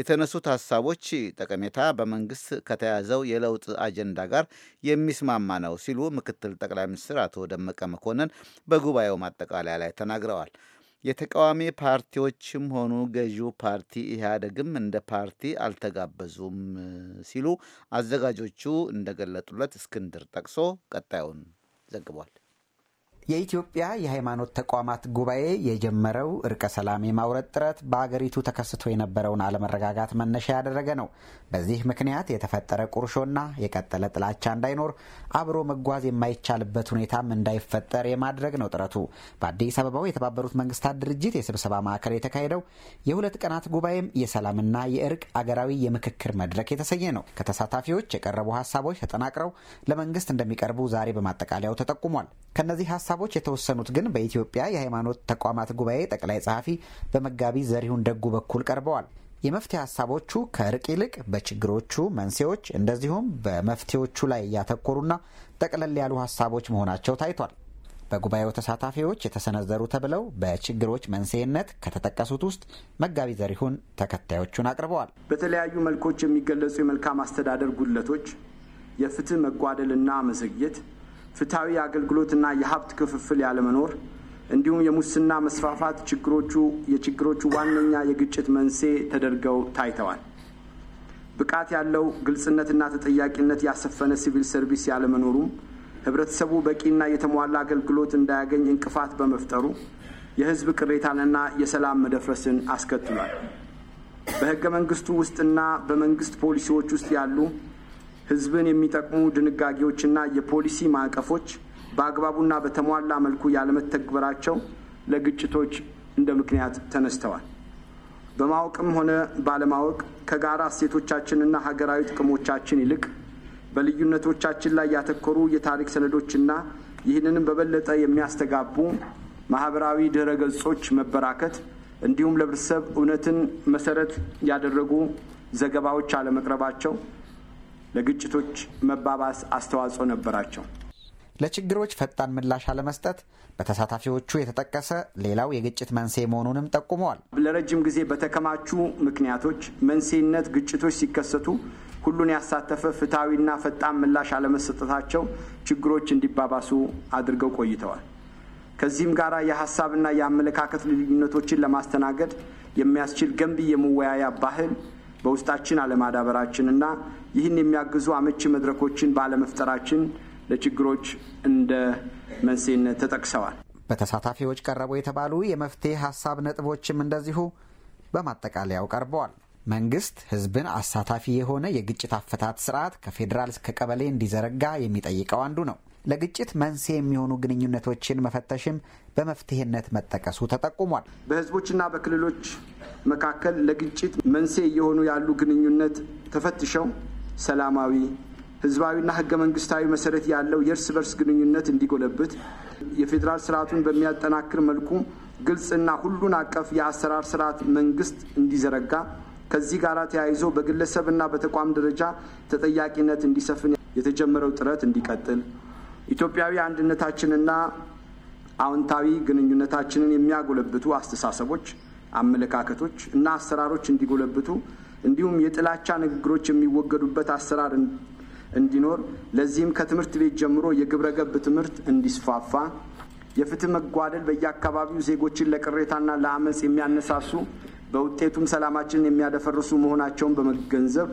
Speaker 1: የተነሱት ሀሳቦች ጠቀሜታ በመንግስት ከተያዘው የለውጥ አጀንዳ ጋር የሚስማማ ነው ሲሉ ምክትል ጠቅላይ ሚኒስትር አቶ ደመቀ መኮንን በጉባኤው ማጠቃለያ ላይ ተናግረዋል። የተቃዋሚ ፓርቲዎችም ሆኑ ገዢው ፓርቲ ኢህአደግም እንደ ፓርቲ አልተጋበዙም ሲሉ አዘጋጆቹ እንደገለጡለት እስክንድር ጠቅሶ ቀጣዩን ዘግቧል።
Speaker 9: የኢትዮጵያ የሃይማኖት ተቋማት ጉባኤ የጀመረው እርቀ ሰላም የማውረድ ጥረት በአገሪቱ ተከስቶ የነበረውን አለመረጋጋት መነሻ ያደረገ ነው። በዚህ ምክንያት የተፈጠረ ቁርሾና የቀጠለ ጥላቻ እንዳይኖር አብሮ መጓዝ የማይቻልበት ሁኔታም እንዳይፈጠር የማድረግ ነው ጥረቱ። በአዲስ አበባው የተባበሩት መንግስታት ድርጅት የስብሰባ ማዕከል የተካሄደው የሁለት ቀናት ጉባኤም የሰላምና የእርቅ አገራዊ የምክክር መድረክ የተሰኘ ነው። ከተሳታፊዎች የቀረቡ ሀሳቦች ተጠናቅረው ለመንግስት እንደሚቀርቡ ዛሬ በማጠቃለያው ተጠቁሟል። ከነዚህ ሀሳቦች የተወሰኑት ግን በኢትዮጵያ የሃይማኖት ተቋማት ጉባኤ ጠቅላይ ጸሐፊ በመጋቢ ዘሪሁን ደጉ በኩል ቀርበዋል። የመፍትሄ ሀሳቦቹ ከእርቅ ይልቅ በችግሮቹ መንስኤዎች እንደዚሁም በመፍትሄዎቹ ላይ እያተኮሩና ጠቅለል ያሉ ሀሳቦች መሆናቸው ታይቷል። በጉባኤው ተሳታፊዎች የተሰነዘሩ ተብለው በችግሮች መንስኤነት ከተጠቀሱት ውስጥ መጋቢ ዘሪሁን ተከታዮቹን አቅርበዋል።
Speaker 10: በተለያዩ መልኮች የሚገለጹ የመልካም አስተዳደር ጉድለቶች፣ የፍትህ መጓደልና መዘግየት ፍትሐዊ አገልግሎትና የሀብት ክፍፍል ያለመኖር እንዲሁም የሙስና መስፋፋት ችግሮቹ የችግሮቹ ዋነኛ የግጭት መንስኤ ተደርገው ታይተዋል። ብቃት ያለው ግልጽነትና ተጠያቂነት ያሰፈነ ሲቪል ሰርቪስ ያለመኖሩም ህብረተሰቡ በቂና የተሟላ አገልግሎት እንዳያገኝ እንቅፋት በመፍጠሩ የህዝብ ቅሬታንና የሰላም መደፍረስን አስከትሏል። በህገ መንግስቱ ውስጥና በመንግስት ፖሊሲዎች ውስጥ ያሉ ህዝብን የሚጠቅሙ ድንጋጌዎችና የፖሊሲ ማዕቀፎች በአግባቡና በተሟላ መልኩ ያለመተግበራቸው ለግጭቶች እንደ ምክንያት ተነስተዋል። በማወቅም ሆነ ባለማወቅ ከጋራ እሴቶቻችንና ሀገራዊ ጥቅሞቻችን ይልቅ በልዩነቶቻችን ላይ ያተኮሩ የታሪክ ሰነዶችና ይህንንም በበለጠ የሚያስተጋቡ ማህበራዊ ድረ ገጾች መበራከት እንዲሁም ለህብረተሰብ እውነትን መሰረት ያደረጉ ዘገባዎች አለመቅረባቸው ለግጭቶች መባባስ አስተዋጽኦ ነበራቸው።
Speaker 9: ለችግሮች ፈጣን ምላሽ አለመስጠት በተሳታፊዎቹ የተጠቀሰ ሌላው የግጭት መንስኤ መሆኑንም ጠቁመዋል።
Speaker 10: ለረጅም ጊዜ በተከማቹ ምክንያቶች መንስኤነት ግጭቶች ሲከሰቱ ሁሉን ያሳተፈ ፍትሐዊና ፈጣን ምላሽ አለመሰጠታቸው ችግሮች እንዲባባሱ አድርገው ቆይተዋል። ከዚህም ጋር የሀሳብና የአመለካከት ልዩነቶችን ለማስተናገድ የሚያስችል ገንቢ የመወያያ ባህል በውስጣችን አለማዳበራችንና ይህን የሚያግዙ አመቺ መድረኮችን ባለመፍጠራችን ለችግሮች እንደ መንስኤነት ተጠቅሰዋል።
Speaker 9: በተሳታፊዎች ቀረቡ የተባሉ የመፍትሄ ሀሳብ ነጥቦችም እንደዚሁ በማጠቃለያው ቀርበዋል። መንግስት ህዝብን አሳታፊ የሆነ የግጭት አፈታት ስርዓት ከፌዴራል እስከ ቀበሌ እንዲዘረጋ የሚጠይቀው አንዱ ነው። ለግጭት መንስኤ የሚሆኑ ግንኙነቶችን መፈተሽም በመፍትሄነት መጠቀሱ ተጠቁሟል።
Speaker 10: በህዝቦችና በክልሎች መካከል ለግጭት መንስኤ እየሆኑ ያሉ ግንኙነት ተፈትሸው ሰላማዊ ህዝባዊና ህገ መንግስታዊ መሰረት ያለው የእርስ በርስ ግንኙነት እንዲጎለብት የፌዴራል ስርዓቱን በሚያጠናክር መልኩ ግልጽና ሁሉን አቀፍ የአሰራር ስርዓት መንግስት እንዲዘረጋ ከዚህ ጋር ተያይዞ በግለሰብና በተቋም ደረጃ ተጠያቂነት እንዲሰፍን የተጀመረው ጥረት እንዲቀጥል ኢትዮጵያዊ አንድነታችንና አዎንታዊ ግንኙነታችንን የሚያጎለብቱ አስተሳሰቦች፣ አመለካከቶች እና አሰራሮች እንዲጎለብቱ እንዲሁም የጥላቻ ንግግሮች የሚወገዱበት አሰራር እንዲኖር ለዚህም ከትምህርት ቤት ጀምሮ የግብረ ገብ ትምህርት እንዲስፋፋ የፍትህ መጓደል በየአካባቢው ዜጎችን ለቅሬታና ለአመፅ የሚያነሳሱ በውጤቱም ሰላማችንን የሚያደፈርሱ መሆናቸውን በመገንዘብ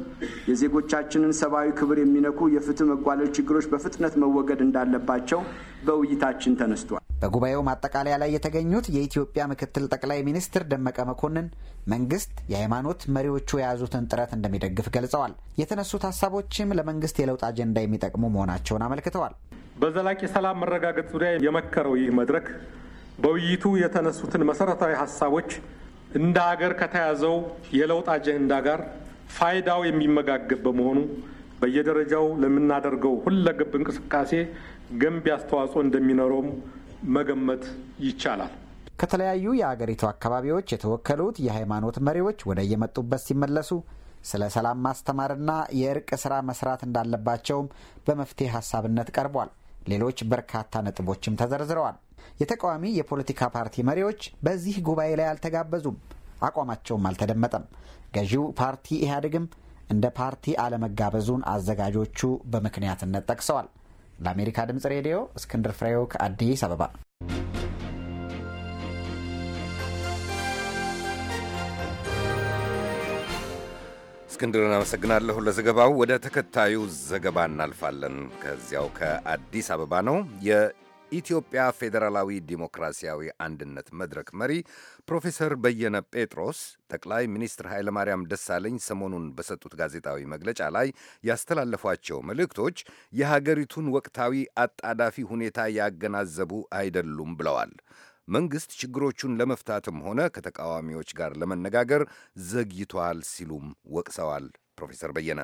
Speaker 10: የዜጎቻችንን ሰብአዊ ክብር የሚነኩ የፍትህ መጓደል ችግሮች በፍጥነት መወገድ እንዳለባቸው በውይይታችን ተነስቷል።
Speaker 9: በጉባኤው ማጠቃለያ ላይ የተገኙት የኢትዮጵያ ምክትል ጠቅላይ ሚኒስትር ደመቀ መኮንን መንግስት የሃይማኖት መሪዎቹ የያዙትን ጥረት እንደሚደግፍ ገልጸዋል። የተነሱት ሀሳቦችም ለመንግስት የለውጥ አጀንዳ የሚጠቅሙ መሆናቸውን አመልክተዋል።
Speaker 3: በዘላቂ ሰላም መረጋገጥ ዙሪያ የመከረው ይህ መድረክ በውይይቱ የተነሱትን መሰረታዊ ሀሳቦች እንደ ሀገር ከተያዘው የለውጥ አጀንዳ ጋር ፋይዳው የሚመጋገብ በመሆኑ በየደረጃው ለምናደርገው ሁለገብ እንቅስቃሴ ገንቢ አስተዋጽኦ እንደሚኖረውም መገመት ይቻላል።
Speaker 9: ከተለያዩ የአገሪቱ አካባቢዎች የተወከሉት የሃይማኖት መሪዎች ወደ የመጡበት ሲመለሱ ስለ ሰላም ማስተማርና የእርቅ ስራ መስራት እንዳለባቸውም በመፍትሄ ሀሳብነት ቀርቧል። ሌሎች በርካታ ነጥቦችም ተዘርዝረዋል። የተቃዋሚ የፖለቲካ ፓርቲ መሪዎች በዚህ ጉባኤ ላይ አልተጋበዙም፣ አቋማቸውም አልተደመጠም። ገዢው ፓርቲ ኢህአዴግም እንደ ፓርቲ አለመጋበዙን አዘጋጆቹ በምክንያትነት ጠቅሰዋል። ለአሜሪካ ድምፅ ሬዲዮ እስክንድር ፍሬው ከአዲስ አበባ።
Speaker 2: እስክንድርን አመሰግናለሁ ለዘገባው። ወደ ተከታዩ ዘገባ እናልፋለን። ከዚያው ከአዲስ አበባ ነው። የኢትዮጵያ ፌዴራላዊ ዲሞክራሲያዊ አንድነት መድረክ መሪ ፕሮፌሰር በየነ ጴጥሮስ ጠቅላይ ሚኒስትር ኃይለማርያም ደሳለኝ ሰሞኑን በሰጡት ጋዜጣዊ መግለጫ ላይ ያስተላለፏቸው መልእክቶች የሀገሪቱን ወቅታዊ አጣዳፊ ሁኔታ ያገናዘቡ አይደሉም ብለዋል። መንግሥት ችግሮቹን ለመፍታትም ሆነ ከተቃዋሚዎች ጋር ለመነጋገር ዘግይቷል ሲሉም ወቅሰዋል ፕሮፌሰር በየነ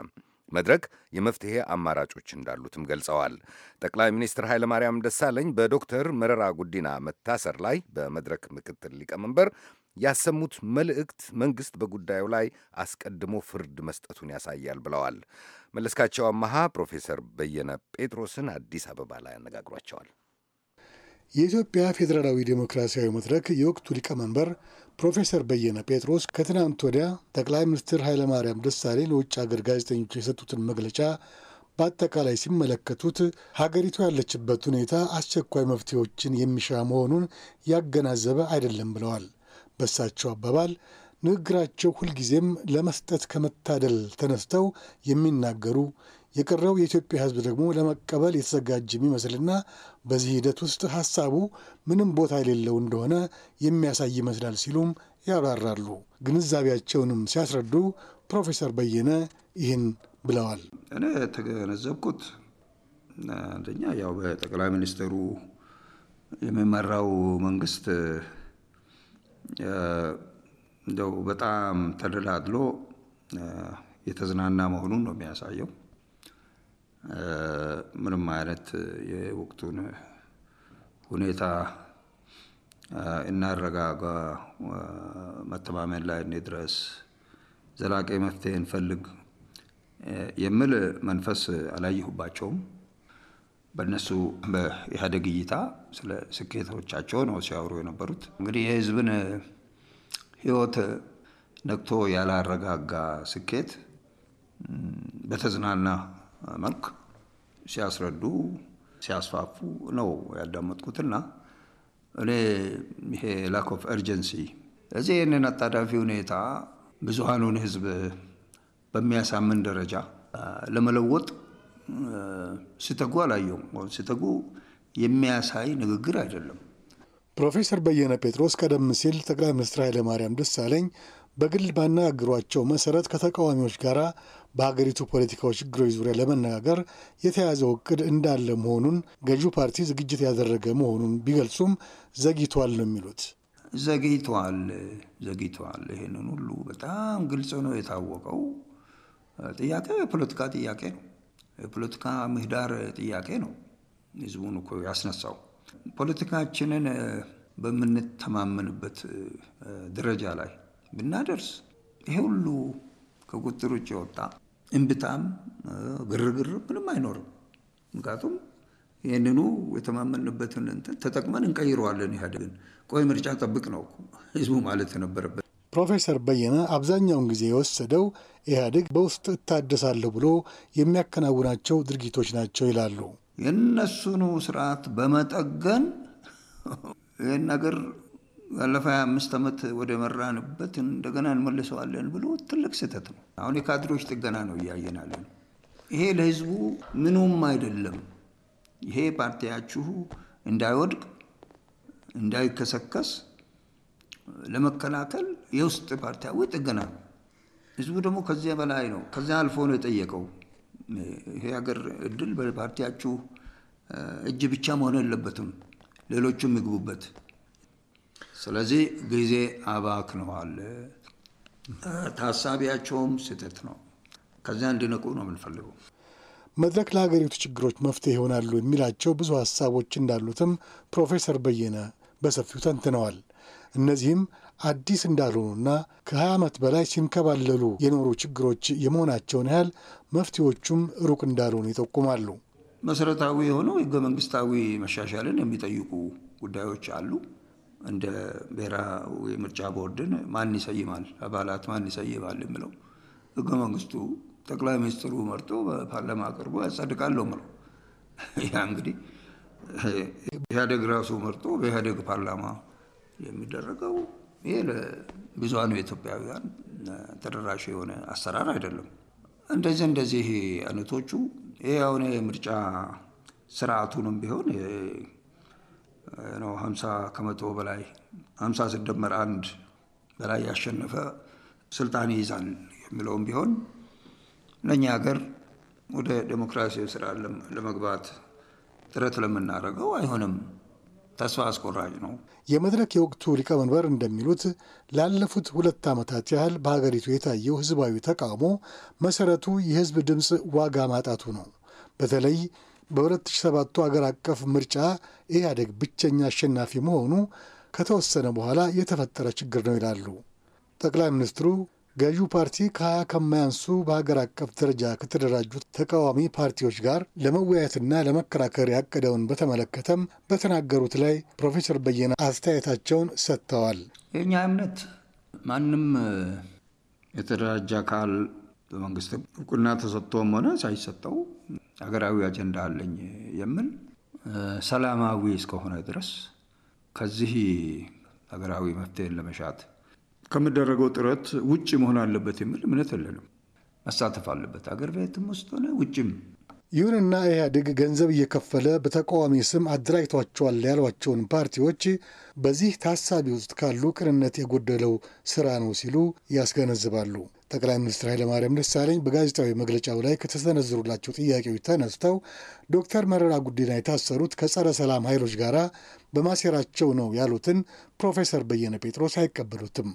Speaker 2: መድረክ የመፍትሄ አማራጮች እንዳሉትም ገልጸዋል። ጠቅላይ ሚኒስትር ኃይለማርያም ደሳለኝ በዶክተር መረራ ጉዲና መታሰር ላይ በመድረክ ምክትል ሊቀመንበር ያሰሙት መልእክት መንግስት በጉዳዩ ላይ አስቀድሞ ፍርድ መስጠቱን ያሳያል ብለዋል። መለስካቸው አመሃ ፕሮፌሰር በየነ ጴጥሮስን አዲስ አበባ ላይ አነጋግሯቸዋል።
Speaker 8: የኢትዮጵያ ፌዴራላዊ ዴሞክራሲያዊ መድረክ የወቅቱ ሊቀመንበር ፕሮፌሰር በየነ ጴጥሮስ ከትናንት ወዲያ ጠቅላይ ሚኒስትር ኃይለማርያም ደሳሌ ለውጭ ሀገር ጋዜጠኞች የሰጡትን መግለጫ በአጠቃላይ ሲመለከቱት ሀገሪቱ ያለችበት ሁኔታ አስቸኳይ መፍትሄዎችን የሚሻ መሆኑን ያገናዘበ አይደለም ብለዋል። በሳቸው አባባል ንግግራቸው ሁልጊዜም ለመስጠት ከመታደል ተነስተው የሚናገሩ የቀረው የኢትዮጵያ ሕዝብ ደግሞ ለመቀበል የተዘጋጀ የሚመስልና በዚህ ሂደት ውስጥ ሀሳቡ ምንም ቦታ የሌለው እንደሆነ የሚያሳይ ይመስላል ሲሉም ያብራራሉ። ግንዛቤያቸውንም ሲያስረዱ ፕሮፌሰር በየነ ይህን ብለዋል። እኔ
Speaker 11: የተገነዘብኩት አንደኛ ያው በጠቅላይ ሚኒስትሩ የሚመራው መንግስት እንደው በጣም ተደላድሎ የተዝናና መሆኑን ነው የሚያሳየው። ምንም አይነት የወቅቱን ሁኔታ እናረጋጋ፣ መተማመን ላይ እንድረስ፣ ዘላቂ መፍትሄ እንፈልግ የሚል መንፈስ አላየሁባቸውም። በእነሱ በኢህአዴግ እይታ ስለ ስኬቶቻቸው ነው ሲያወሩ የነበሩት። እንግዲህ የህዝብን ህይወት ነቅቶ ያላረጋጋ ስኬት በተዝናና መልክ ሲያስረዱ ሲያስፋፉ ነው ያዳመጥኩትና እኔ ይሄ ላክ ኦፍ ኤርጀንሲ እዚህ ይህንን አጣዳፊ ሁኔታ ብዙሀኑን ህዝብ በሚያሳምን ደረጃ ለመለወጥ ሲተጉ አላየውም። ሲተጉ የሚያሳይ ንግግር አይደለም።
Speaker 8: ፕሮፌሰር በየነ ጴጥሮስ ቀደም ሲል ጠቅላይ ሚኒስትር ኃይለማርያም ደሳለኝ በግል ባነጋግሯቸው መሰረት ከተቃዋሚዎች ጋር በሀገሪቱ ፖለቲካዊ ችግሮች ዙሪያ ለመነጋገር የተያዘው እቅድ እንዳለ መሆኑን ገዢው ፓርቲ ዝግጅት ያደረገ መሆኑን ቢገልጹም ዘግይቷል ነው የሚሉት።
Speaker 11: ዘግይቷል ዘግይቷል። ይህንን ሁሉ በጣም ግልጽ ነው የታወቀው። ጥያቄ የፖለቲካ ጥያቄ ነው። የፖለቲካ ምህዳር ጥያቄ ነው። ህዝቡን እኮ ያስነሳው ፖለቲካችንን በምንተማመንበት ደረጃ ላይ ብናደርስ ይሄ ሁሉ ከቁጥር ውጭ የወጣ እምብታም ግርግር ምንም አይኖርም። ምክንያቱም ይህንኑ የተማመንበትን እንትን ተጠቅመን እንቀይረዋለን። ኢህአዴግን ቆይ ምርጫ ጠብቅ ነው ህዝቡ ማለት የነበረበት።
Speaker 8: ፕሮፌሰር በየነ አብዛኛውን ጊዜ የወሰደው ኢህአዴግ በውስጥ እታደሳለሁ ብሎ የሚያከናውናቸው ድርጊቶች ናቸው ይላሉ።
Speaker 11: የነሱኑ ስርዓት በመጠገን ይህን ነገር ባለፈ አምስት ዓመት ወደ መራንበት እንደገና እንመልሰዋለን ብሎ ትልቅ ስህተት ነው። አሁን የካድሮች ጥገና ነው እያየናለን። ይሄ ለህዝቡ ምኑም አይደለም። ይሄ ፓርቲያችሁ እንዳይወድቅ እንዳይከሰከስ ለመከላከል የውስጥ ፓርቲያዊ ጥገና ነው። ህዝቡ ደግሞ ከዚያ በላይ ነው፣ ከዚያ አልፎ ነው የጠየቀው። ይሄ ሀገር እድል በፓርቲያችሁ እጅ ብቻ መሆን የለበትም፣ ሌሎቹም ይግቡበት። ስለዚህ ጊዜ አባክነዋል። ታሳቢያቸውም ስህተት ነው። ከዚያ እንዲነቁ ነው የምንፈልገው።
Speaker 8: መድረክ ለሀገሪቱ ችግሮች መፍትሄ ይሆናሉ የሚላቸው ብዙ ሀሳቦች እንዳሉትም ፕሮፌሰር በየነ በሰፊው ተንትነዋል። እነዚህም አዲስ እንዳልሆኑና ከ20 ዓመት በላይ ሲንከባለሉ የኖሩ ችግሮች የመሆናቸውን ያህል መፍትሄዎቹም ሩቅ እንዳልሆኑ ይጠቁማሉ።
Speaker 11: መሰረታዊ የሆነው ህገ መንግስታዊ መሻሻልን የሚጠይቁ ጉዳዮች አሉ። እንደ ብሔራዊ ምርጫ ቦርድን ማን ይሰይማል፣ አባላት ማን ይሰይማል የምለው ህገ መንግስቱ ጠቅላይ ሚኒስትሩ መርጦ በፓርላማ አቅርቦ ያጸድቃል ነው የምለው። ያ እንግዲህ ኢህአደግ ራሱ መርጦ በኢህአደግ ፓርላማ የሚደረገው ይሄ ለብዙሃኑ ኢትዮጵያውያን ተደራሽ የሆነ አሰራር አይደለም። እንደዚህ እንደዚህ አይነቶቹ ይህ የሆነ የምርጫ ስርዓቱንም ቢሆን ነው። ሀምሳ ከመቶ በላይ ሀምሳ ስደመር አንድ በላይ ያሸነፈ ስልጣን ይይዛል የሚለውም ቢሆን ለእኛ ሀገር ወደ ዴሞክራሲ ስራ ለመግባት ጥረት ለምናደርገው አይሆንም። ተስፋ አስቆራጭ ነው።
Speaker 8: የመድረክ የወቅቱ ሊቀመንበር እንደሚሉት ላለፉት ሁለት ዓመታት ያህል በሀገሪቱ የታየው ህዝባዊ ተቃውሞ መሰረቱ የህዝብ ድምፅ ዋጋ ማጣቱ ነው። በተለይ በ2007 አገር አቀፍ ምርጫ ኢህአዴግ ብቸኛ አሸናፊ መሆኑ ከተወሰነ በኋላ የተፈጠረ ችግር ነው ይላሉ ጠቅላይ ሚኒስትሩ። ገዢው ፓርቲ ከሀያ ከማያንሱ በሀገር አቀፍ ደረጃ ከተደራጁት ተቃዋሚ ፓርቲዎች ጋር ለመወያየትና ለመከራከር ያቀደውን በተመለከተም በተናገሩት ላይ ፕሮፌሰር በየነ አስተያየታቸውን ሰጥተዋል። የእኛ እምነት
Speaker 11: ማንም የተደራጀ አካል በመንግስት እውቅና ተሰጥቶም ሆነ ሳይሰጠው አገራዊ አጀንዳ አለኝ የምል ሰላማዊ እስከሆነ ድረስ ከዚህ ሀገራዊ መፍትሄን ለመሻት ከሚደረገው ጥረት ውጭ መሆን አለበት የሚል እምነት የለንም። መሳተፍ አለበት አገር ቤትም ውስጥ ሆነ ውጭም።
Speaker 8: ይሁንና ኢህአዴግ ገንዘብ እየከፈለ በተቃዋሚ ስም አደራጅቷቸዋል ያሏቸውን ፓርቲዎች በዚህ ታሳቢ ውስጥ ካሉ ቅንነት የጎደለው ስራ ነው ሲሉ ያስገነዝባሉ። ጠቅላይ ሚኒስትር ኃይለማርያም ደሳለኝ በጋዜጣዊ መግለጫው ላይ ከተሰነዘሩላቸው ጥያቄዎች ተነስተው ዶክተር መረራ ጉዲና የታሰሩት ከጸረ ሰላም ኃይሎች ጋር በማሴራቸው ነው ያሉትን ፕሮፌሰር በየነ ጴጥሮስ አይቀበሉትም።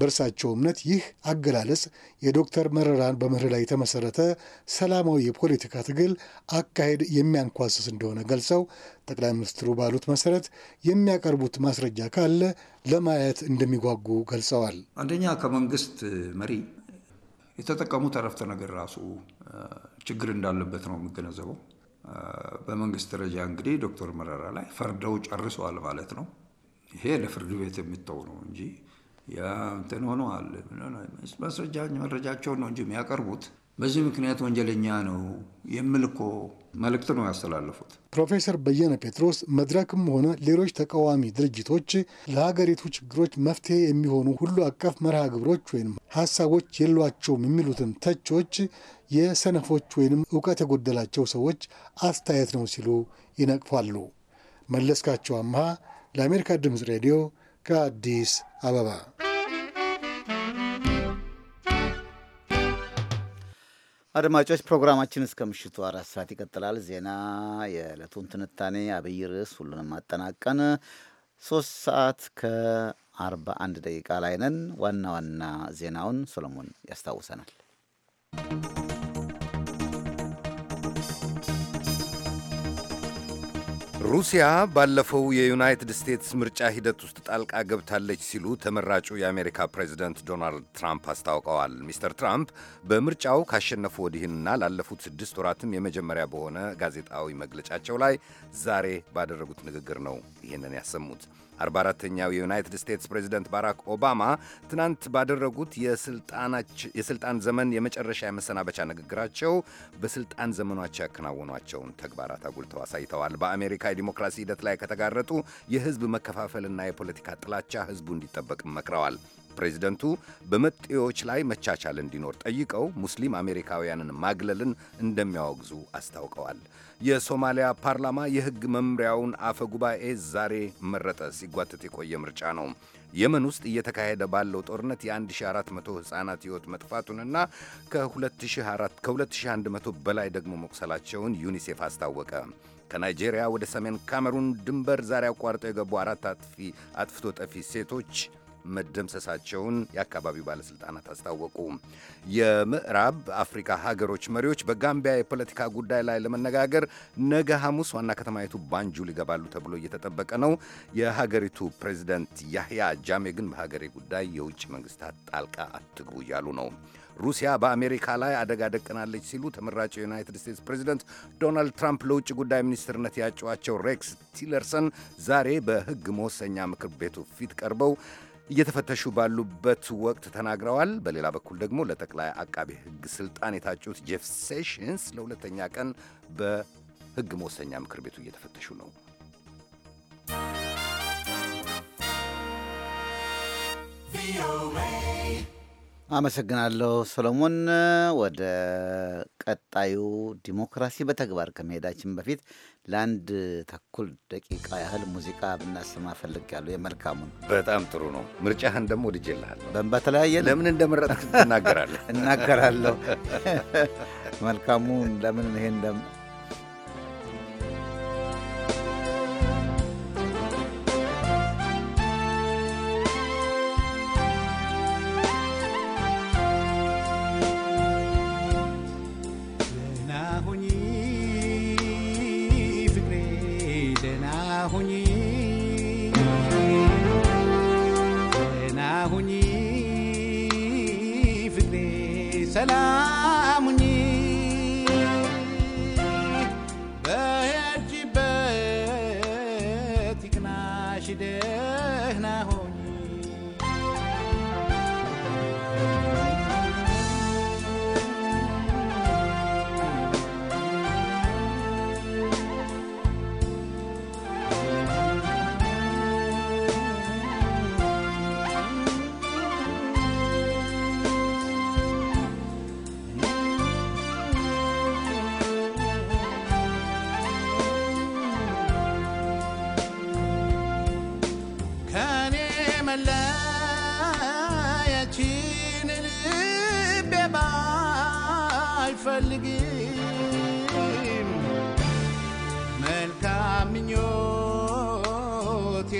Speaker 8: በእርሳቸው እምነት ይህ አገላለጽ የዶክተር መረራን በምህር ላይ የተመሰረተ ሰላማዊ የፖለቲካ ትግል አካሄድ የሚያንኳስስ እንደሆነ ገልጸው ጠቅላይ ሚኒስትሩ ባሉት መሰረት የሚያቀርቡት ማስረጃ ካለ ለማየት እንደሚጓጉ ገልጸዋል።
Speaker 11: አንደኛ ከመንግስት መሪ የተጠቀሙት አረፍተ ነገር ራሱ ችግር እንዳለበት ነው የሚገነዘበው። በመንግስት ደረጃ እንግዲህ ዶክተር መረራ ላይ ፈርደው ጨርሰዋል ማለት ነው። ይሄ ለፍርድ ቤት የሚተው ነው እንጂ ያ እንትን ሆነዋል። ማስረጃ መረጃቸውን ነው እንጂ የሚያቀርቡት በዚህ ምክንያት ወንጀለኛ ነው የሚል እኮ መልእክት ነው ያስተላለፉት።
Speaker 8: ፕሮፌሰር በየነ ጴጥሮስ መድረክም ሆነ ሌሎች ተቃዋሚ ድርጅቶች ለሀገሪቱ ችግሮች መፍትሄ የሚሆኑ ሁሉ አቀፍ መርሃ ግብሮች ወይም ሀሳቦች የሏቸውም የሚሉትን ተቾች የሰነፎች ወይንም እውቀት የጎደላቸው ሰዎች አስተያየት ነው ሲሉ ይነቅፋሉ። መለስካቸው አምሃ ለአሜሪካ ድምፅ ሬዲዮ ከአዲስ አበባ
Speaker 1: አድማጮች ፕሮግራማችን እስከ ምሽቱ አራት ሰዓት ይቀጥላል። ዜና፣ የዕለቱን ትንታኔ፣ አብይ ርዕስ ሁሉንም አጠናቀን ሶስት ሰዓት ከአርባ አንድ ደቂቃ ላይ ነን። ዋና ዋና ዜናውን ሰሎሞን ያስታውሰናል።
Speaker 2: ሩሲያ ባለፈው የዩናይትድ ስቴትስ ምርጫ ሂደት ውስጥ ጣልቃ ገብታለች ሲሉ ተመራጩ የአሜሪካ ፕሬዚደንት ዶናልድ ትራምፕ አስታውቀዋል። ሚስተር ትራምፕ በምርጫው ካሸነፉ ወዲህና ላለፉት ስድስት ወራትም የመጀመሪያ በሆነ ጋዜጣዊ መግለጫቸው ላይ ዛሬ ባደረጉት ንግግር ነው ይህንን ያሰሙት። 44ተኛው የዩናይትድ ስቴትስ ፕሬዚደንት ባራክ ኦባማ ትናንት ባደረጉት የስልጣን ዘመን የመጨረሻ የመሰናበቻ ንግግራቸው በስልጣን ዘመኗቸው ያከናወኗቸውን ተግባራት አጉልተው አሳይተዋል። በአሜሪካ የዲሞክራሲ ሂደት ላይ ከተጋረጡ የህዝብ መከፋፈልና የፖለቲካ ጥላቻ ህዝቡ እንዲጠበቅ መክረዋል። ፕሬዚደንቱ በመጤዎች ላይ መቻቻል እንዲኖር ጠይቀው ሙስሊም አሜሪካውያንን ማግለልን እንደሚያወግዙ አስታውቀዋል። የሶማሊያ ፓርላማ የሕግ መምሪያውን አፈ ጉባኤ ዛሬ መረጠ። ሲጓተት የቆየ ምርጫ ነው። የመን ውስጥ እየተካሄደ ባለው ጦርነት የ1400 ሕፃናት ሕይወት መጥፋቱንና ከ2100 በላይ ደግሞ መቁሰላቸውን ዩኒሴፍ አስታወቀ። ከናይጄሪያ ወደ ሰሜን ካሜሩን ድንበር ዛሬ አቋርጠው የገቡ አራት አጥፍቶ ጠፊ ሴቶች መደምሰሳቸውን የአካባቢው ባለሥልጣናት አስታወቁ። የምዕራብ አፍሪካ ሀገሮች መሪዎች በጋምቢያ የፖለቲካ ጉዳይ ላይ ለመነጋገር ነገ ሐሙስ ዋና ከተማይቱ ባንጁል ይገባሉ ተብሎ እየተጠበቀ ነው። የሀገሪቱ ፕሬዚደንት ያህያ ጃሜ ግን በሀገሬ ጉዳይ የውጭ መንግስታት ጣልቃ አትግቡ እያሉ ነው። ሩሲያ በአሜሪካ ላይ አደጋ ደቅናለች ሲሉ ተመራጭ የዩናይትድ ስቴትስ ፕሬዚደንት ዶናልድ ትራምፕ ለውጭ ጉዳይ ሚኒስትርነት ያጯቸው ሬክስ ቲለርሰን ዛሬ በሕግ መወሰኛ ምክር ቤቱ ፊት ቀርበው እየተፈተሹ ባሉበት ወቅት ተናግረዋል። በሌላ በኩል ደግሞ ለጠቅላይ አቃቢ ሕግ ስልጣን የታጩት ጄፍ ሴሽንስ ለሁለተኛ ቀን በሕግ መወሰኛ ምክር ቤቱ እየተፈተሹ ነው።
Speaker 12: ቪኦኤ
Speaker 1: አመሰግናለሁ ሰሎሞን። ወደ ቀጣዩ ዲሞክራሲ በተግባር ከመሄዳችን በፊት ለአንድ ተኩል ደቂቃ ያህል ሙዚቃ ብናሰማ ፈልግ ያሉ የመልካሙን
Speaker 2: በጣም ጥሩ ነው። ምርጫህን ደግሞ
Speaker 1: ወድጄልሃለሁ። በተለያየ ለምን እንደመረጥክ እናገራለሁ እናገራለሁ መልካሙን ለምን ይሄ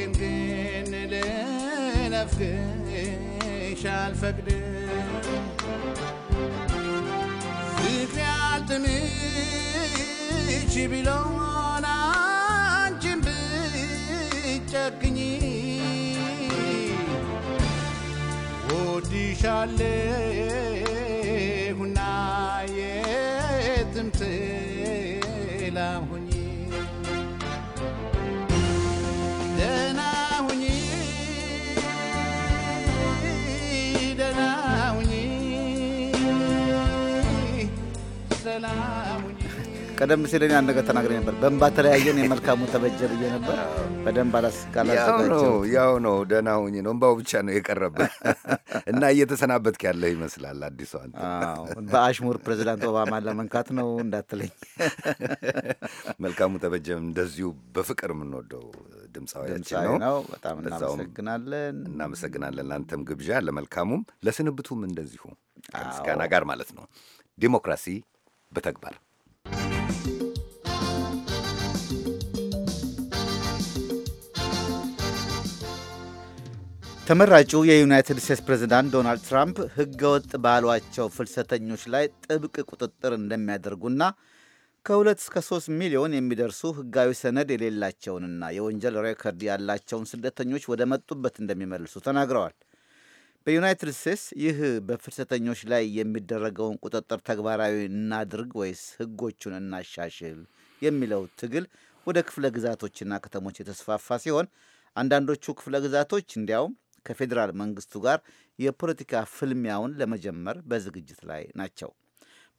Speaker 13: ግን ግን ልነፍቅሽ አልፈቅድም ፍቅሬ አልጥምሽ ቢሎን አንቺን ብጨክኝ
Speaker 1: ቀደም ሲል እኔ አንድ ነገር ተናግሬ ነበር። በእንባ ተለያየን የመልካሙ ተበጀ ብዬ ነበር። በደንብ አላስቃላዘጋጀው
Speaker 2: ያው ነው። ደህና ሁኝ ነው እንባው ብቻ ነው የቀረብህ እና እየተሰናበትክ ያለህ ይመስላል። አዲሱ አንተ በአሽሙር ፕሬዚዳንት ኦባማን ለመንካት ነው እንዳትለኝ። መልካሙ ተበጀም እንደዚሁ በፍቅር የምንወደው ድምፃዊያችን ነው። በጣም እናመሰግናለን። እናመሰግናለን ለአንተም ግብዣ ለመልካሙም ለስንብቱም እንደዚሁ ከምስጋና ጋር ማለት ነው። ዲሞክራሲ በተግባር
Speaker 1: ተመራጩ የዩናይትድ ስቴትስ ፕሬዝዳንት ዶናልድ ትራምፕ ህገወጥ ባሏቸው ፍልሰተኞች ላይ ጥብቅ ቁጥጥር እንደሚያደርጉና ከሁለት እስከ ሶስት ሚሊዮን የሚደርሱ ህጋዊ ሰነድ የሌላቸውንና የወንጀል ሬከርድ ያላቸውን ስደተኞች ወደ መጡበት እንደሚመልሱ ተናግረዋል። በዩናይትድ ስቴትስ ይህ በፍልሰተኞች ላይ የሚደረገውን ቁጥጥር ተግባራዊ እናድርግ ወይስ ህጎቹን እናሻሽል የሚለው ትግል ወደ ክፍለ ግዛቶችና ከተሞች የተስፋፋ ሲሆን አንዳንዶቹ ክፍለ ግዛቶች እንዲያውም ከፌዴራል መንግስቱ ጋር የፖለቲካ ፍልሚያውን ለመጀመር በዝግጅት ላይ ናቸው።